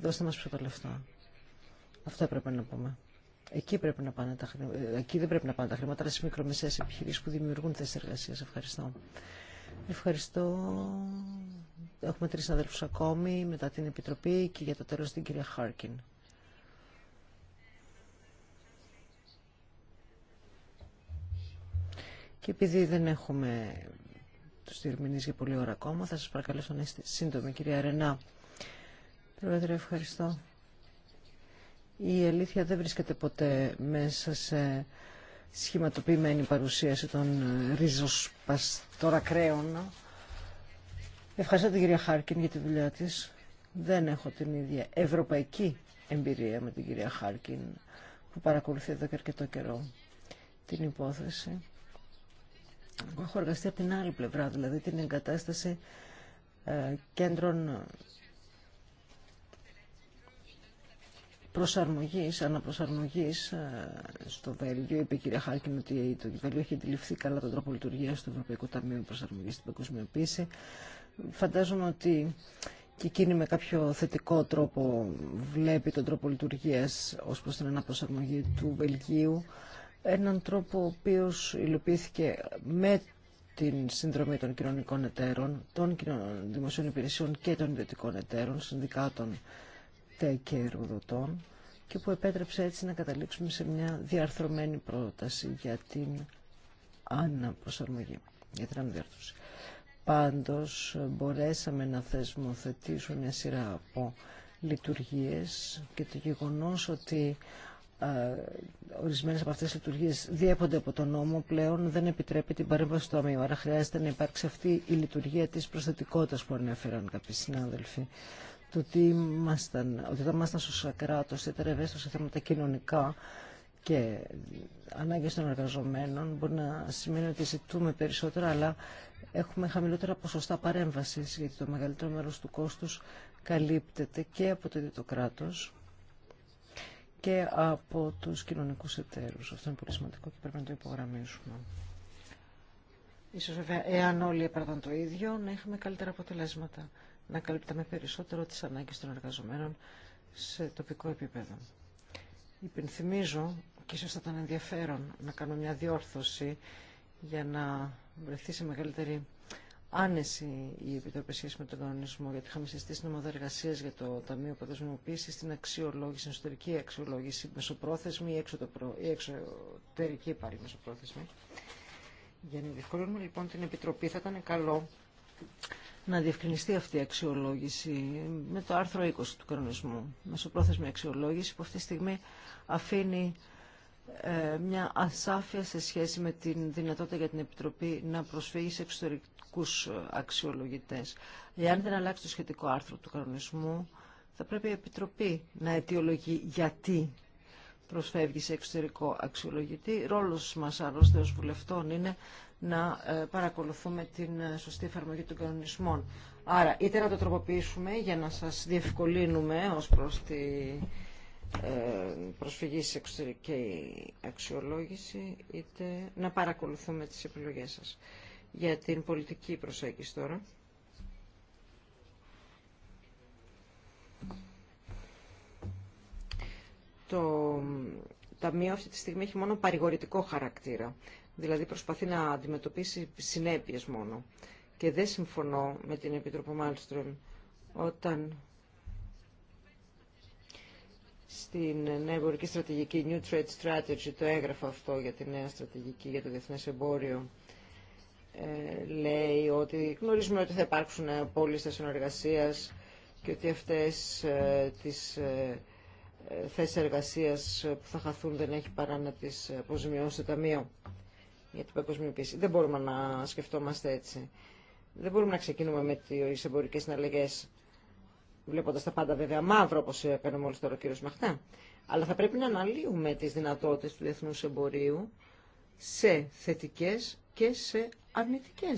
Δώστε μας πιο τα λεφτά. Αυτά έπρεπε να πούμε. Εκεί, πρέπει να πάνε τα χρήματα, ε, εκεί δεν πρέπει να πάνε τα χρήματα, αλλά στι μικρομεσαίες επιχειρήσει που δημιουργούν θέσεις εργασίας. Ευχαριστώ. Ευχαριστώ. Έχουμε τρεις αδέλφου ακόμη μετά την Επιτροπή και για το τέλος την κυρία Χάρκιν. Και επειδή δεν έχουμε τους διερμηνείς για πολλή ώρα ακόμα, θα σας παρακαλέσω να είστε σύντομοι, κυρία Ρενά. Πρόεδρε, ευχαριστώ. Η αλήθεια δεν βρίσκεται ποτέ μέσα σε σχηματοποιημένη παρουσίαση των ριζοσπαστορακραίων. Ευχαριστώ την κυρία Χάρκιν για τη δουλειά της. Δεν έχω την ίδια ευρωπαϊκή εμπειρία με την κυρία Χάρκιν που παρακολουθεί εδώ και αρκετό καιρό την υπόθεση. Έχω εργαστεί από την άλλη πλευρά, δηλαδή την εγκατάσταση ε, κέντρων προσαρμογής, αναπροσαρμογής ε, στο Βέλγιο. Είπε η κυρία Χάρκιν ότι το Βέλγιο έχει αντιληφθεί καλά τον τρόπο λειτουργίας του Ευρωπαϊκού Ταμείου Προσαρμογής στην Παγκοσμιοποίηση. Φαντάζομαι ότι και εκείνη με κάποιο θετικό τρόπο βλέπει τον τρόπο λειτουργίας ως προς την αναπροσαρμογή του Βελγίου. Έναν τρόπο ο οποίο υλοποιήθηκε με την συνδρομή των κοινωνικών εταίρων, των δημοσίων υπηρεσιών και των ιδιωτικών εταίρων, συνδικάτων και και που επέτρεψε έτσι να καταλήξουμε σε μια διαρθρωμένη πρόταση για την αναπροσαρμογή, για την αναδιάρθρωση. Πάντως μπορέσαμε να θεσμοθετήσουμε μια σειρά από λειτουργίες και το γεγονός ότι ορισμένες από αυτές τις λειτουργίες διέπονται από τον νόμο πλέον δεν επιτρέπει την παρέμβαση του αμείου. Άρα χρειάζεται να υπάρξει αυτή η λειτουργία της προσθετικότητας που ανέφεραν κάποιοι συνάδελφοι το ότι, ήμασταν, ήμασταν στο κράτο ήταν ευαίσθητο σε θέματα κοινωνικά και ανάγκε των εργαζομένων. Μπορεί να σημαίνει ότι ζητούμε περισσότερα, αλλά έχουμε χαμηλότερα ποσοστά παρέμβαση, γιατί το μεγαλύτερο μέρο του κόστου καλύπτεται και από το ίδιο το κράτο και από τους κοινωνικούς εταίρους. Αυτό είναι πολύ σημαντικό και πρέπει να το υπογραμμίσουμε. Ίσως βέβαια, εάν όλοι έπαιρναν το ίδιο, να είχαμε καλύτερα αποτελέσματα να καλύπταμε περισσότερο τις ανάγκες των εργαζομένων σε τοπικό επίπεδο. Υπενθυμίζω και ίσως θα ήταν ενδιαφέρον να κάνω μια διόρθωση για να βρεθεί σε μεγαλύτερη άνεση η Επιτροπή σχέση με τον κανονισμό, γιατί είχαμε συστήσει την για το Ταμείο Παγκοσμιοποίηση στην αξιολόγηση, στην εσωτερική αξιολόγηση, μεσοπρόθεσμη ή, ή εξωτερική πάλι μεσοπρόθεσμη. Για να διευκολύνουμε λοιπόν την Επιτροπή, θα ήταν καλό να διευκρινιστεί αυτή η αξιολόγηση με το άρθρο 20 του κανονισμού. Μεσοπρόθεσμη αξιολόγηση που αυτή τη στιγμή αφήνει ε, μια ασάφεια σε σχέση με την δυνατότητα για την Επιτροπή να προσφύγει σε εξωτερικούς ε, αξιολογητές. Εάν δεν αλλάξει το σχετικό άρθρο του κανονισμού, θα πρέπει η Επιτροπή να αιτιολογεί γιατί προσφεύγει σε εξωτερικό αξιολογητή. Ρόλος μας άλλωστε ως βουλευτών είναι να ε, παρακολουθούμε την ε, σωστή εφαρμογή των κανονισμών. Άρα είτε να το τροποποιήσουμε για να σας διευκολύνουμε ως προς τη ε, προσφυγή σε εξωτερική αξιολόγηση, είτε να παρακολουθούμε τις επιλογές σας. Για την πολιτική προσέγγιση τώρα το Ταμείο αυτή τη στιγμή έχει μόνο παρηγορητικό χαρακτήρα. Δηλαδή προσπαθεί να αντιμετωπίσει συνέπειες μόνο. Και δεν συμφωνώ με την Επίτροπο Μάλστρομ όταν στην νέα εμπορική στρατηγική New Trade Strategy, το έγραφα αυτό για τη νέα στρατηγική για το διεθνές εμπόριο, ε, λέει ότι γνωρίζουμε ότι θα υπάρξουν ε, πόλεις της συνεργασία και ότι αυτές ε, τις ε, Θέσει εργασία που θα χαθούν δεν έχει παρά να τις αποζημιώσει το Ταμείο για την παγκοσμιοποίηση. Δεν μπορούμε να σκεφτόμαστε έτσι. Δεν μπορούμε να ξεκινούμε με τι εμπορικέ συναλλαγέ βλέποντα τα πάντα βέβαια μαύρο όπω έκανε μόλις τώρα ο κύριος Μαχτά. Αλλά θα πρέπει να αναλύουμε τι δυνατότητε του διεθνού εμπορίου σε θετικέ και σε αρνητικέ.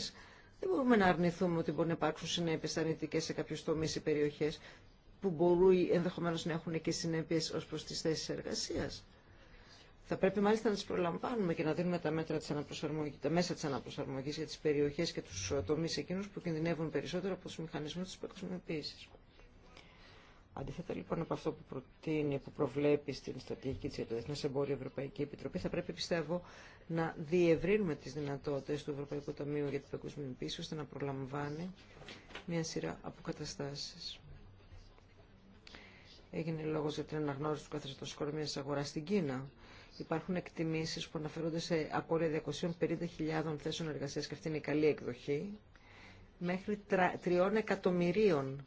Δεν μπορούμε να αρνηθούμε ότι μπορεί να υπάρξουν συνέπειε αρνητικέ σε κάποιου τομεί ή περιοχέ που μπορούν ενδεχομένως να έχουν και συνέπειες ως προς τις θέσεις εργασίας. Θα πρέπει μάλιστα να τις προλαμβάνουμε και να δίνουμε τα, μέτρα της αναπροσαρμογής, τα μέσα της αναπροσαρμογής για τις περιοχές και τους τομείς εκείνους που κινδυνεύουν περισσότερο από τους μηχανισμούς της παγκοσμιοποίησης. Αντίθετα λοιπόν από αυτό που προτείνει, που προβλέπει στην στρατηγική της για το Εμπόριο Ευρωπαϊκή Επιτροπή, θα πρέπει πιστεύω να διευρύνουμε τις δυνατότητες του Ευρωπαϊκού Ταμείου για την Παγκοσμιοποίηση ώστε να προλαμβάνει μια σειρά από Έγινε λόγο για την αναγνώριση του καθεστώ οικονομία τη αγορά στην Κίνα. Υπάρχουν εκτιμήσει που αναφέρονται σε απόλυτα 250.000 θέσεων εργασία και αυτή είναι η καλή εκδοχή, μέχρι 3 εκατομμυρίων.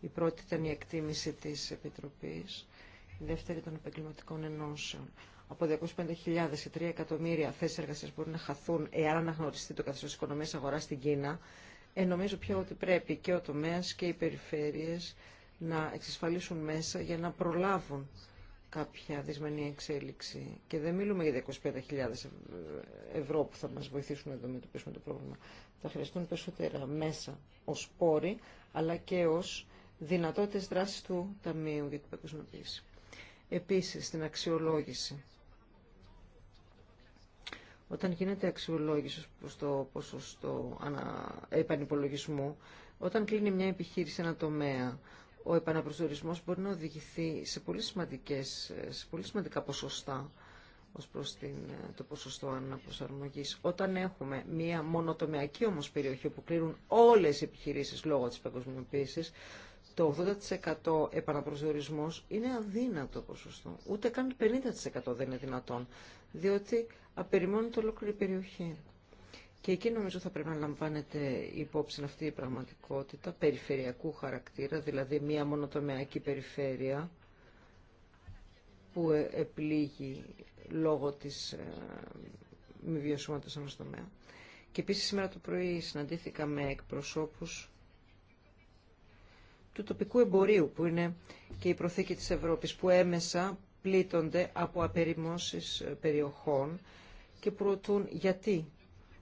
Η πρώτη ήταν η εκτίμηση τη επιτροπή η δεύτερη των επαγγελματικών ενώσεων. Από 250.000 σε 3 εκατομμύρια θέσει εργασία μπορούν να χαθούν εάν αναγνωριστεί το καθεστώ οικονομία αγορά στην Κίνα. Ε, νομίζω πια ότι πρέπει και ο τομέα και οι περιφέρειες να εξασφαλίσουν μέσα για να προλάβουν κάποια δυσμενή εξέλιξη. Και δεν μιλούμε για 25.000 ευρώ που θα μας βοηθήσουν να αντιμετωπίσουμε το πρόβλημα. Θα χρειαστούν περισσότερα μέσα ως πόροι, αλλά και ως δυνατότητες δράσης του Ταμείου για την παγκοσμιοποίηση. Επίσης, στην αξιολόγηση. Όταν γίνεται αξιολόγηση προς το ποσοστό επανυπολογισμού, όταν κλείνει μια επιχείρηση, ένα τομέα, ο επαναπροσδιορισμός μπορεί να οδηγηθεί σε πολύ, σημαντικές, σε πολύ σημαντικά ποσοστά ως προς την, το ποσοστό αναπροσαρμογής. Όταν έχουμε μία μονοτομιακή όμως περιοχή που κλείνουν όλες οι επιχειρήσεις λόγω της παγκοσμιοποίησης, το 80% επαναπροσδιορισμός είναι αδύνατο ποσοστό. Ούτε καν 50% δεν είναι δυνατόν, διότι το ολόκληρη περιοχή. Και εκεί νομίζω θα πρέπει να λαμβάνεται υπόψη αυτή η πραγματικότητα περιφερειακού χαρακτήρα, δηλαδή μία μονοτομεακή περιφέρεια που ε, επλήγει λόγω της ε, μη βιωσιμότητας ενός τομέα. Και επίσης σήμερα το πρωί συναντήθηκα με εκπροσώπους του τοπικού εμπορίου που είναι και η προθήκη της Ευρώπης που έμεσα πλήττονται από απεριμώσεις ε, περιοχών και προωτούν γιατί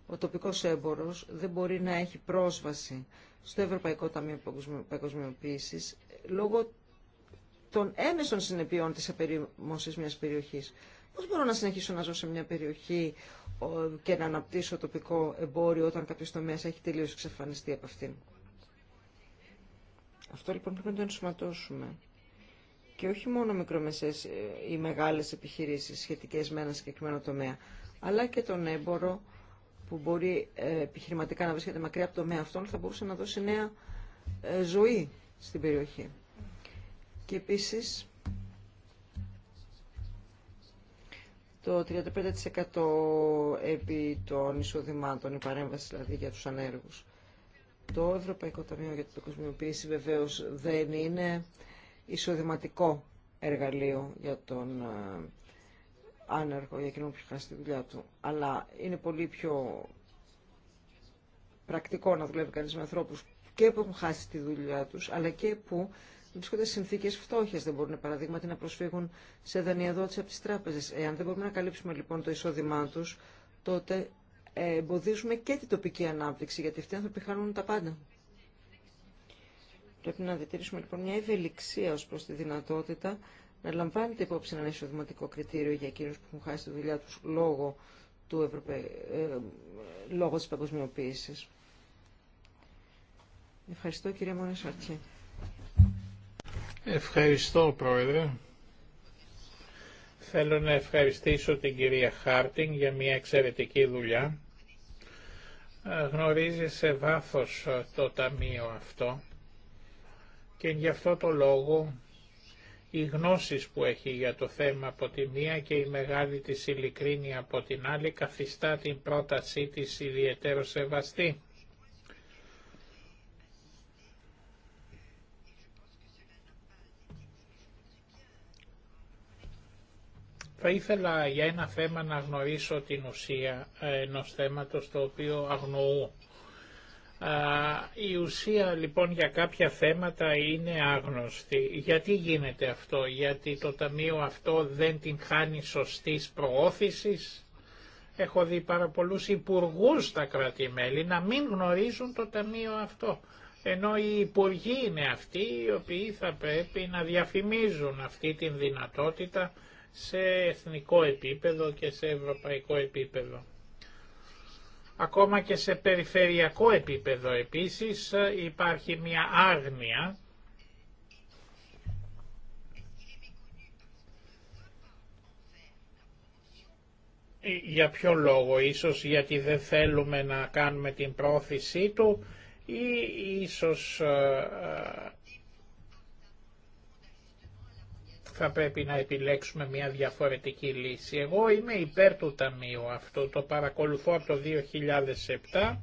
ο τοπικός έμπορος δεν μπορεί να έχει πρόσβαση στο Ευρωπαϊκό Ταμείο Παγκοσμιοποίησης λόγω των έμεσων συνεπειών της απερίμωσης μιας περιοχής. Πώς μπορώ να συνεχίσω να ζω σε μια περιοχή και να αναπτύσσω τοπικό εμπόριο όταν κάποιος τομέας έχει τελείως εξαφανιστεί από αυτήν. Αυτό λοιπόν πρέπει να το ενσωματώσουμε. Και όχι μόνο μικρομεσές ε, ή μεγάλες επιχειρήσεις σχετικές με ένα συγκεκριμένο τομέα, αλλά και τον έμπορο που μπορεί ε, επιχειρηματικά να βρίσκεται μακριά από το τομέα αυτόν θα μπορούσε να δώσει νέα ε, ζωή στην περιοχή. Και επίσης το 35% επί των εισοδημάτων, η παρέμβαση δηλαδή για τους ανέργους. Το Ευρωπαϊκό Ταμείο για την Κοσμιοποίηση βεβαίως δεν είναι εισοδηματικό εργαλείο για τον ε, άνεργο για εκείνον που έχει χάσει τη δουλειά του. Αλλά είναι πολύ πιο πρακτικό να δουλεύει κανεί με ανθρώπου και που έχουν χάσει τη δουλειά του, αλλά και που βρίσκονται σε συνθήκε φτώχεια. Δεν μπορούν, παραδείγματι, να προσφύγουν σε δανειοδότηση από τι τράπεζε. Εάν δεν μπορούμε να καλύψουμε λοιπόν το εισόδημά του, τότε ε, εμποδίζουμε και την τοπική ανάπτυξη, γιατί αυτοί οι άνθρωποι χάνουν τα πάντα. Πρέπει να διατηρήσουμε λοιπόν μια ευελιξία ω προ τη δυνατότητα να λαμβάνεται υπόψη ένα ισοδηματικό κριτήριο για εκείνους που έχουν χάσει τη δουλειά τους λόγω, του Ευρωπαϊ... ε, λόγω της παγκοσμιοποίησης. Ευχαριστώ κυρία Μόνε Ευχαριστώ Πρόεδρε. Θέλω να ευχαριστήσω την κυρία Χάρτινγκ για μια εξαιρετική δουλειά. Ε, γνωρίζει σε βάθος ε, το Ταμείο αυτό και γι' αυτό το λόγο οι γνώσεις που έχει για το θέμα από τη μία και η μεγάλη της ειλικρίνη από την άλλη καθιστά την πρότασή της ιδιαίτερο σεβαστή. Θα ήθελα για ένα θέμα να γνωρίσω την ουσία ενός θέματος το οποίο αγνοώ η ουσία λοιπόν για κάποια θέματα είναι άγνωστη. Γιατί γίνεται αυτό, γιατί το ταμείο αυτό δεν την χάνει σωστής προώθησης. Έχω δει πάρα πολλούς υπουργούς στα κρατη να μην γνωρίζουν το ταμείο αυτό. Ενώ οι υπουργοί είναι αυτοί οι οποίοι θα πρέπει να διαφημίζουν αυτή την δυνατότητα σε εθνικό επίπεδο και σε ευρωπαϊκό επίπεδο. Ακόμα και σε περιφερειακό επίπεδο επίσης ε, υπάρχει μια άγνοια ε, για ποιο λόγο, ίσως γιατί δεν θέλουμε να κάνουμε την πρόθεσή του ή ίσως ε, θα πρέπει να επιλέξουμε μια διαφορετική λύση. Εγώ είμαι υπέρ του ταμείου αυτό, το παρακολουθώ από το 2007.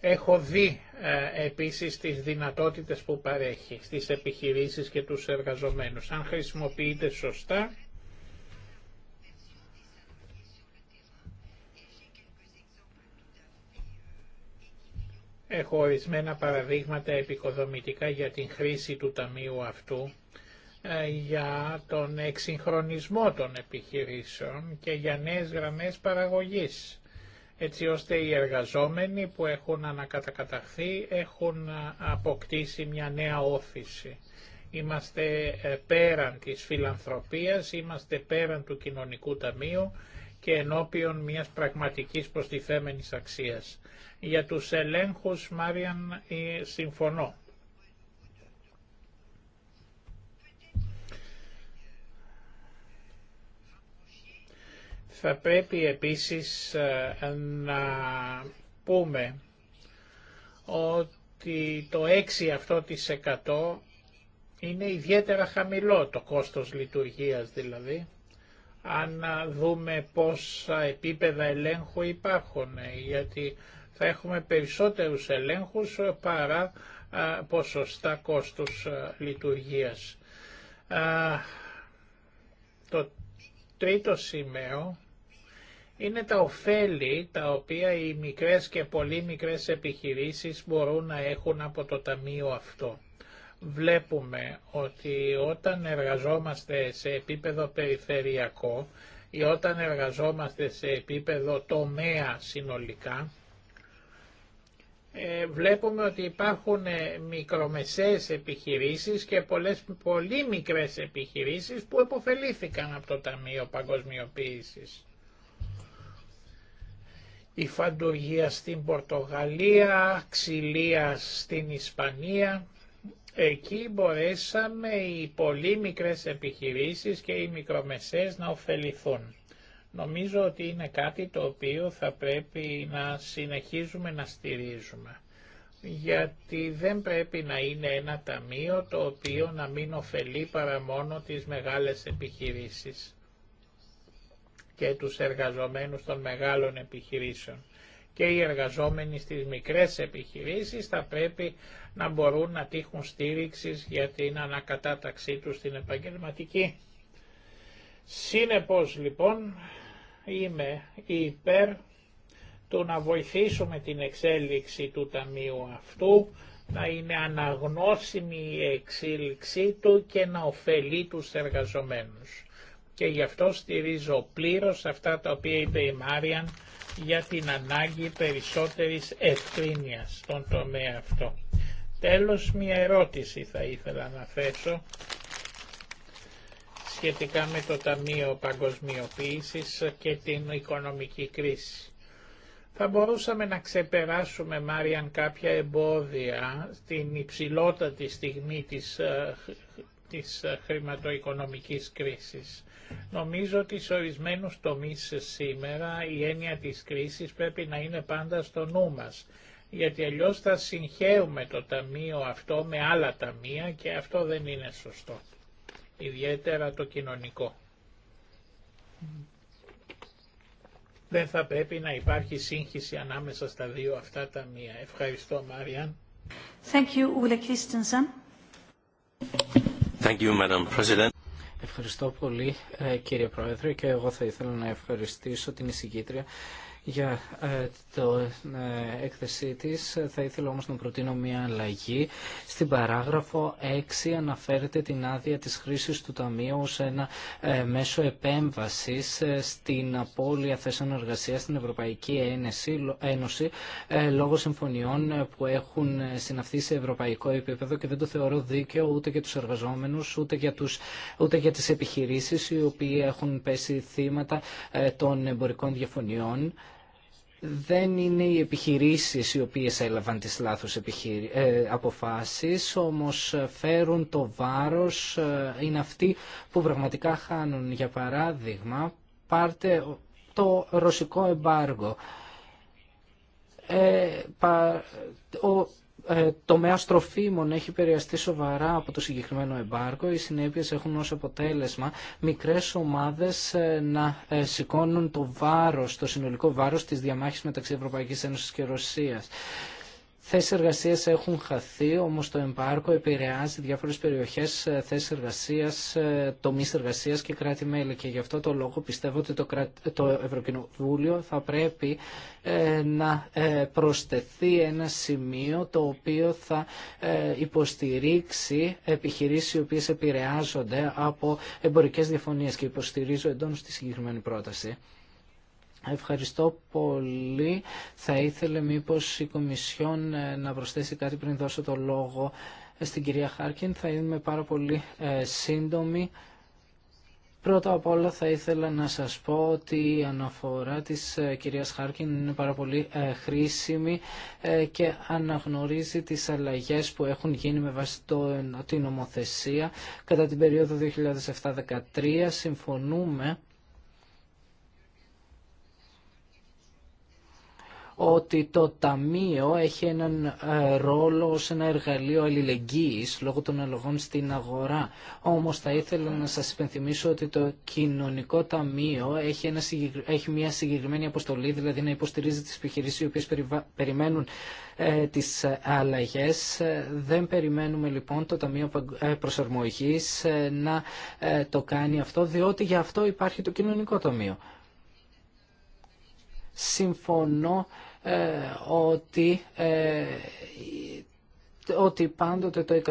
Έχω δει ε, επίσης τις δυνατότητες που παρέχει στις επιχειρήσεις και τους εργαζομένους. Αν χρησιμοποιείται σωστά, Έχω ορισμένα παραδείγματα επικοδομητικά για την χρήση του ταμείου αυτού, ε, για τον εξυγχρονισμό των επιχειρήσεων και για νέες γραμμές παραγωγής, έτσι ώστε οι εργαζόμενοι που έχουν ανακατακαταχθεί έχουν ε, αποκτήσει μια νέα όφηση. Είμαστε ε, πέραν της φιλανθρωπίας, είμαστε πέραν του κοινωνικού ταμείου και ενώπιον μιας πραγματικής προστιθέμενης αξίας. Για τους ελέγχους, Μάριαν, ε, συμφωνώ. Θα πρέπει επίσης ε, να πούμε ότι το 6 αυτό της 100 είναι ιδιαίτερα χαμηλό το κόστος λειτουργίας δηλαδή αν δούμε πόσα επίπεδα ελέγχου υπάρχουν, γιατί θα έχουμε περισσότερους ελέγχους παρά ποσοστά κόστους λειτουργίας. Το τρίτο σημείο είναι τα ωφέλη τα οποία οι μικρές και πολύ μικρές επιχειρήσεις μπορούν να έχουν από το ταμείο αυτό βλέπουμε ότι όταν εργαζόμαστε σε επίπεδο περιφερειακό ή όταν εργαζόμαστε σε επίπεδο τομέα συνολικά, ε, βλέπουμε ότι υπάρχουν ε, μικρομεσαίες επιχειρήσεις και πολλές πολύ μικρές επιχειρήσεις που επωφελήθηκαν από το Ταμείο Παγκοσμιοποίησης. Η φαντουργία στην Πορτογαλία, ξυλία στην Ισπανία Εκεί μπορέσαμε οι πολύ μικρές επιχειρήσεις και οι μικρομεσαίες να ωφεληθούν. Νομίζω ότι είναι κάτι το οποίο θα πρέπει να συνεχίζουμε να στηρίζουμε. Γιατί δεν πρέπει να είναι ένα ταμείο το οποίο να μην ωφελεί παρά μόνο τις μεγάλες επιχειρήσεις και τους εργαζομένους των μεγάλων επιχειρήσεων και οι εργαζόμενοι στις μικρές επιχειρήσεις θα πρέπει να μπορούν να τύχουν στήριξης για την ανακατάταξή τους στην επαγγελματική. Σύνεπως λοιπόν είμαι υπέρ του να βοηθήσουμε την εξέλιξη του ταμείου αυτού, να είναι αναγνώσιμη η εξέλιξή του και να ωφελεί τους εργαζομένους. Και γι' αυτό στηρίζω πλήρως αυτά τα οποία είπε η Μάριαν για την ανάγκη περισσότερης ευκρίνειας στον τομέα αυτό. Τέλος, μια ερώτηση θα ήθελα να θέσω σχετικά με το Ταμείο Παγκοσμιοποίησης και την οικονομική κρίση. Θα μπορούσαμε να ξεπεράσουμε, Μάριαν, κάποια εμπόδια στην υψηλότατη στιγμή της, ε, της ε, χρηματοοικονομικής κρίσης. Νομίζω ότι σε ορισμένους τομείς σήμερα η έννοια της κρίσης πρέπει να είναι πάντα στο νου μας, γιατί αλλιώς θα συγχαίουμε το ταμείο αυτό με άλλα ταμεία και αυτό δεν είναι σωστό, ιδιαίτερα το κοινωνικό. Δεν θα πρέπει να υπάρχει σύγχυση ανάμεσα στα δύο αυτά ταμεία. Ευχαριστώ, Μάριαν. Thank you, Thank you, Madam President. Ευχαριστώ πολύ ε, κύριε Πρόεδρε και εγώ θα ήθελα να ευχαριστήσω την εισηγήτρια για ε, την ε, έκθεσή της. Ε, θα ήθελα όμως να προτείνω μια αλλαγή. Στην παράγραφο 6 αναφέρεται την άδεια της χρήσης του Ταμείου ως ένα μέσο επέμβασης στην απώλεια θέσεων εργασίας στην Ευρωπαϊκή Ένωση λόγω συμφωνιών που έχουν συναυθεί σε ευρωπαϊκό επίπεδο και δεν το θεωρώ δίκαιο ούτε για τους εργαζόμενους ούτε για, τους, ούτε για τις επιχειρήσεις οι οποίοι έχουν πέσει θύματα των εμπορικών διαφωνιών δεν είναι οι επιχειρήσεις οι οποίες έλαβαν τις λάθος επιχειρη... Ε, αποφάσεις, όμως φέρουν το βάρος, ε, είναι αυτοί που πραγματικά χάνουν. Για παράδειγμα, πάρτε το ρωσικό εμπάργο. Ε, πα, ε, το τομέα τροφίμων έχει επηρεαστεί σοβαρά από το συγκεκριμένο εμπάρκο. Οι συνέπειες έχουν ω αποτέλεσμα μικρές ομάδες ε, να ε, σηκώνουν το βάρος, το συνολικό βάρος της διαμάχης μεταξύ Ευρωπαϊκής Ένωση και Ρωσία. Θέσεις εργασίας έχουν χαθεί, όμως το εμπάρκο επηρεάζει διάφορες περιοχές, ε, θέσεις εργασίας, ε, τομείς εργασίας και κράτη-μέλη. Και γι' αυτό το λόγο πιστεύω ότι το Ευρωκοινοβούλιο θα πρέπει ε, να προσθεθεί ένα σημείο το οποίο θα υποστηρίξει επιχειρήσεις οι οποίες επηρεάζονται από εμπορικές διαφωνίες και υποστηρίζω εντόνως τη συγκεκριμένη πρόταση. Ευχαριστώ πολύ. Θα ήθελε μήπως η Κομισιόν ε, να προσθέσει κάτι πριν δώσω το λόγο ε, στην κυρία Χάρκιν. Θα είμαι πάρα πολύ ε, σύντομη. Πρώτα απ' όλα θα ήθελα να σας πω ότι η αναφορά της κυρίας Χάρκιν είναι πάρα πολύ χρήσιμη και αναγνωρίζει τις αλλαγές που έχουν γίνει με βάση την νομοθεσία κατά την περίοδο 2007-2013. Συμφωνούμε ότι το Ταμείο έχει έναν ε, ρόλο ως ένα εργαλείο αλληλεγγύης λόγω των αλλογών στην αγορά. Όμως θα ήθελα να σας υπενθυμίσω ότι το Κοινωνικό Ταμείο έχει, ένα, έχει μια συγκεκριμένη αποστολή, δηλαδή να υποστηρίζει τις επιχειρήσεις οι οποίες περιμένουν ε, τις ε, αλλαγές. Ε, δεν περιμένουμε λοιπόν το Ταμείο Προσαρμογής να το κάνει αυτό, διότι για αυτό υπάρχει το Κοινωνικό Ταμείο συμφωνώ ε, ότι ε, ότι πάντοτε το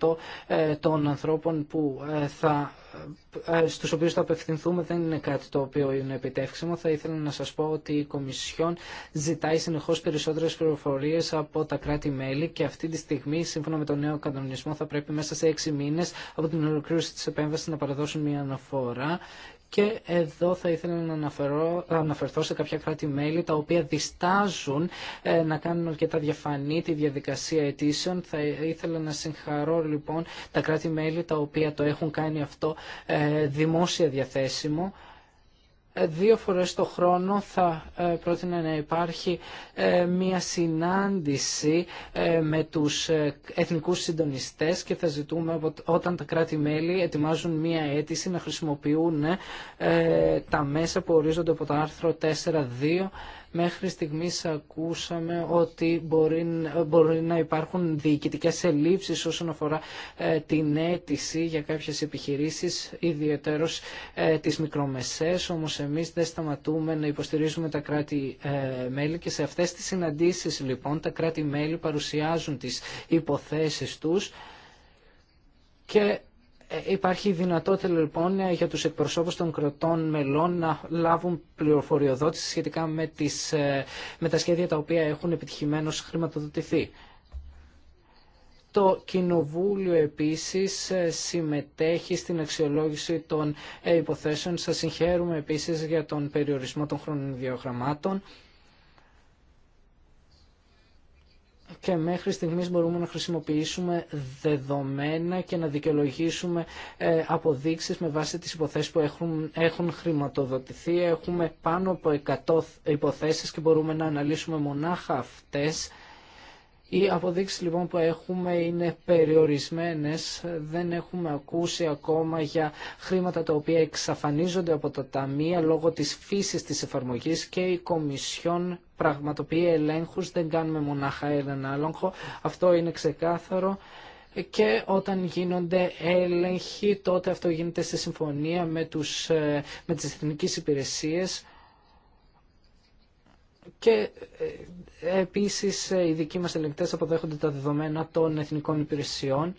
100% ε, των ανθρώπων που θα, στους οποίους θα απευθυνθούμε δεν είναι κάτι το οποίο είναι επιτεύξιμο. Θα ήθελα να σας πω ότι η Κομισιόν ζητάει συνεχώς περισσότερες πληροφορίες από τα κράτη-μέλη και αυτή τη στιγμή, σύμφωνα με τον νέο κανονισμό, θα πρέπει μέσα σε έξι μήνες από την ολοκλήρωση της επέμβασης να παραδώσουν μια αναφορά και εδώ θα ήθελα να αναφερώ, αναφερθώ σε κάποια κράτη-μέλη τα οποία διστάζουν ε, να κάνουν αρκετά διαφανή τη διαδικασία αιτήσεων. Θα ήθελα να συγχαρώ λοιπόν τα κράτη-μέλη τα οποία το έχουν κάνει αυτό ε, δημόσια διαθέσιμο δύο φορές το χρόνο θα ε, πρότεινα να υπάρχει ε, μια συνάντηση ε, με τους εθνικούς συντονιστές και θα ζητούμε όταν τα κράτη-μέλη ετοιμάζουν μια αίτηση να χρησιμοποιούν τα μέσα που ορίζονται από το άρθρο 4.2 Μέχρι στιγμής ακούσαμε ότι μπορεί, μπορεί να υπάρχουν διοικητικές ελλείψεις όσον αφορά ε, την αίτηση για κάποιες επιχειρήσεις, ιδιαίτερως ε, τις μικρομεσές, όμως εμείς δεν σταματούμε να υποστηρίζουμε τα κράτη-μέλη ε, και σε αυτές τις συναντήσεις λοιπόν τα κράτη-μέλη παρουσιάζουν τις υποθέσεις τους και ε, υπάρχει δυνατότητα λοιπόν ε, για τους εκπροσώπους των κρατών μελών να λάβουν πληροφοριοδότηση σχετικά με, τις, ε, με τα σχέδια τα οποία έχουν επιτυχημένως χρηματοδοτηθεί. Το Κοινοβούλιο επίσης συμμετέχει στην αξιολόγηση των υποθέσεων. Σας συγχαίρουμε επίσης για τον περιορισμό των χρονοδιαγραμμάτων. και μέχρι στιγμής μπορούμε να χρησιμοποιήσουμε δεδομένα και να δικαιολογήσουμε ε, αποδείξεις με βάση τις υποθέσεις που έχουν, έχουν χρηματοδοτηθεί. Έχουμε πάνω από 100 υποθέσεις και μπορούμε να αναλύσουμε μονάχα αυτές οι αποδείξεις λοιπόν που έχουμε είναι περιορισμένες, δεν έχουμε ακούσει ακόμα για χρήματα τα οποία εξαφανίζονται από τα ταμεία λόγω της φύσης της εφαρμογής και η Κομισιόν πραγματοποιεί ελέγχους, δεν κάνουμε μονάχα έναν άλογχο, αυτό είναι ξεκάθαρο και όταν γίνονται έλεγχοι τότε αυτό γίνεται σε συμφωνία με, τους, ε, με τις εθνικές υπηρεσίες και ε, ε, επίσης ε, οι δικοί μας ελεγκτές αποδέχονται τα δεδομένα των εθνικών υπηρεσιών.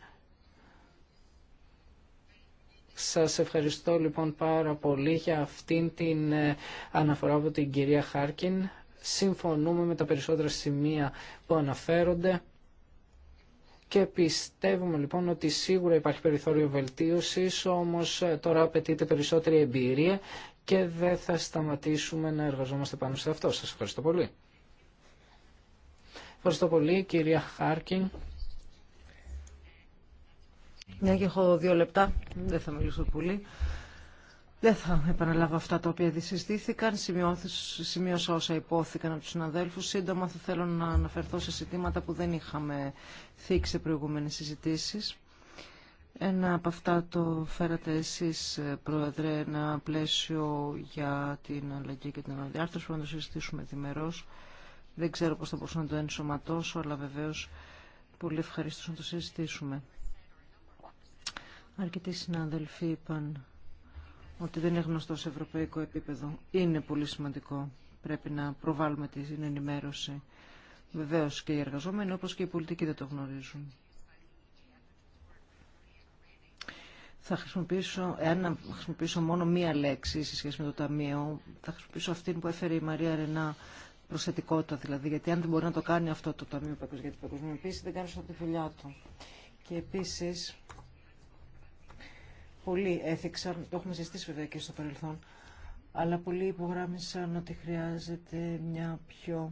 Σας ευχαριστώ λοιπόν πάρα πολύ για αυτήν την αναφορά από την κυρία Χάρκιν. Συμφωνούμε με τα περισσότερα σημεία που αναφέρονται και πιστεύουμε λοιπόν ότι σίγουρα υπάρχει περιθώριο βελτίωσης, όμως τώρα απαιτείται περισσότερη εμπειρία και δεν θα σταματήσουμε να εργαζόμαστε πάνω σε αυτό. Σας ευχαριστώ πολύ. Ευχαριστώ πολύ κυρία Χάρκιν. Μια και έχω δύο λεπτά, δεν θα μιλήσω πολύ. Δεν θα επαναλάβω αυτά τα οποία δυσυστήθηκαν. Σημειώσα όσα υπόθηκαν από του συναδέλφου. Σύντομα θα θέλω να αναφερθώ σε ζητήματα που δεν είχαμε θίξει σε προηγούμενε συζητήσει. Ένα από αυτά το φέρατε εσείς, Πρόεδρε, ένα πλαίσιο για την αλλαγή και την αναδιάρθρωση, που να το συζητήσουμε διμερώς. Δεν ξέρω πώς θα μπορούσα να το ενσωματώσω, αλλά βεβαίως πολύ ευχαριστώ να το συζητήσουμε. Αρκετοί συνάδελφοι είπαν ότι δεν είναι γνωστό σε ευρωπαϊκό επίπεδο. Είναι πολύ σημαντικό. Πρέπει να προβάλλουμε την ενημέρωση. Βεβαίως και οι εργαζόμενοι, όπως και οι πολιτικοί δεν το γνωρίζουν. θα χρησιμοποιήσω, εάν χρησιμοποιήσω μόνο μία λέξη σε σχέση με το Ταμείο, θα χρησιμοποιήσω αυτή που έφερε η Μαρία Ρενά, προσθετικότητα δηλαδή, γιατί αν δεν μπορεί να το κάνει αυτό το Ταμείο για την Παγκοσμιοποίηση, δεν κάνει σωστά τη δουλειά του. Και επίσης, πολλοί έθιξαν, το έχουμε ζητήσει βέβαια και στο παρελθόν, αλλά πολλοί υπογράμμισαν ότι χρειάζεται μια πιο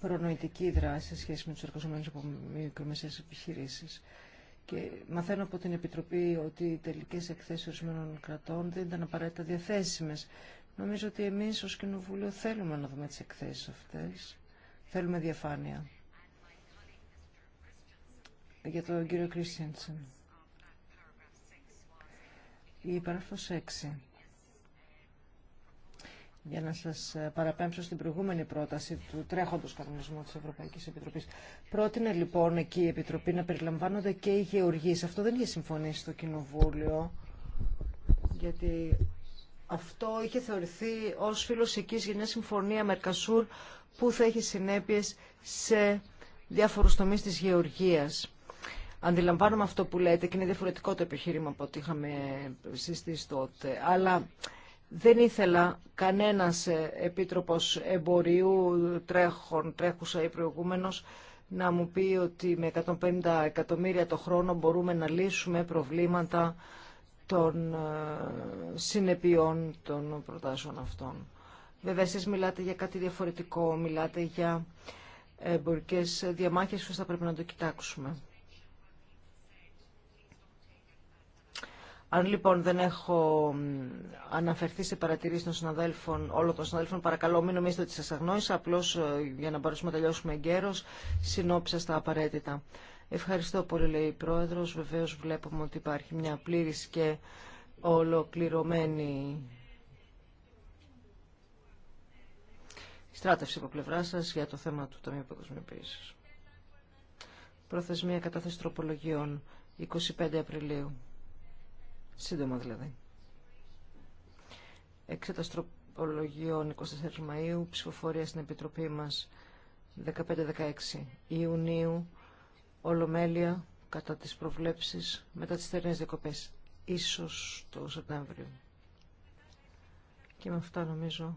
προνοητική δράση σε σχέση με τους εργαζόμενου από μικρομεσαίες επιχειρήσεις. Και μαθαίνω από την Επιτροπή ότι οι τελικέ εκθέσει ορισμένων κρατών δεν ήταν απαραίτητα διαθέσιμε. Νομίζω ότι εμεί ω Κοινοβούλιο θέλουμε να δούμε τι εκθέσει αυτέ. Θέλουμε διαφάνεια. Για τον κύριο Κρίστιανσεν. Η παράγραφο 6 για να σας ε, παραπέμψω στην προηγούμενη πρόταση του τρέχοντος κανονισμού της Ευρωπαϊκής Επιτροπής. Πρότεινε λοιπόν εκεί η Επιτροπή να περιλαμβάνονται και οι γεωργείς. Αυτό δεν είχε συμφωνήσει στο Κοινοβούλιο, γιατί αυτό είχε θεωρηθεί ως φίλος εκείς για μια συμφωνία Μερκασούρ που θα έχει συνέπειες σε διάφορους τομείς της γεωργίας. Αντιλαμβάνομαι αυτό που λέτε και είναι διαφορετικό το επιχείρημα από ό,τι είχαμε συστήσει τότε. Αλλά δεν ήθελα κανένας ε, επίτροπος εμπορίου τρέχον, τρέχουσα ή προηγούμενος να μου πει ότι με 150 εκατομμύρια το χρόνο μπορούμε να λύσουμε προβλήματα των ε, συνεπειών των προτάσεων αυτών. Βέβαια, εσείς μιλάτε για κάτι διαφορετικό, μιλάτε για εμπορικές διαμάχες, που θα πρέπει να το κοιτάξουμε. Αν λοιπόν δεν έχω αναφερθεί σε παρατηρήσει των συναδέλφων, όλων των συναδέλφων, παρακαλώ μην νομίζετε ότι σα αγνώρισα, απλώ ε, για να μπορέσουμε να τελειώσουμε εγκαίρω, συνόψα στα απαραίτητα. Ευχαριστώ πολύ, λέει η πρόεδρο. Βεβαίω βλέπουμε ότι υπάρχει μια πλήρη και ολοκληρωμένη στράτευση από πλευρά σα για το θέμα του Ταμείου Παγκοσμιοποίηση. Προθεσμία κατάθεση τροπολογιών 25 Απριλίου σύντομα δηλαδή. Εξέταση 24 Μαΐου, ψηφοφορία στην Επιτροπή μας 15-16 Ιουνίου, Ολομέλεια κατά τις προβλέψεις μετά τις θερινές διακοπές, ίσως το Σεπτέμβριο. Και με αυτά νομίζω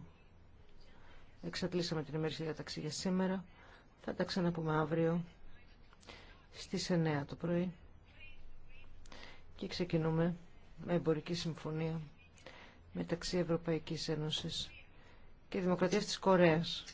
εξατλήσαμε την ημέρηση διαταξή για σήμερα. Θα τα ξαναπούμε αύριο στις 9 το πρωί και ξεκινούμε εμπορική συμφωνία μεταξύ Ευρωπαϊκής Ένωσης και Δημοκρατίας της Κορέας.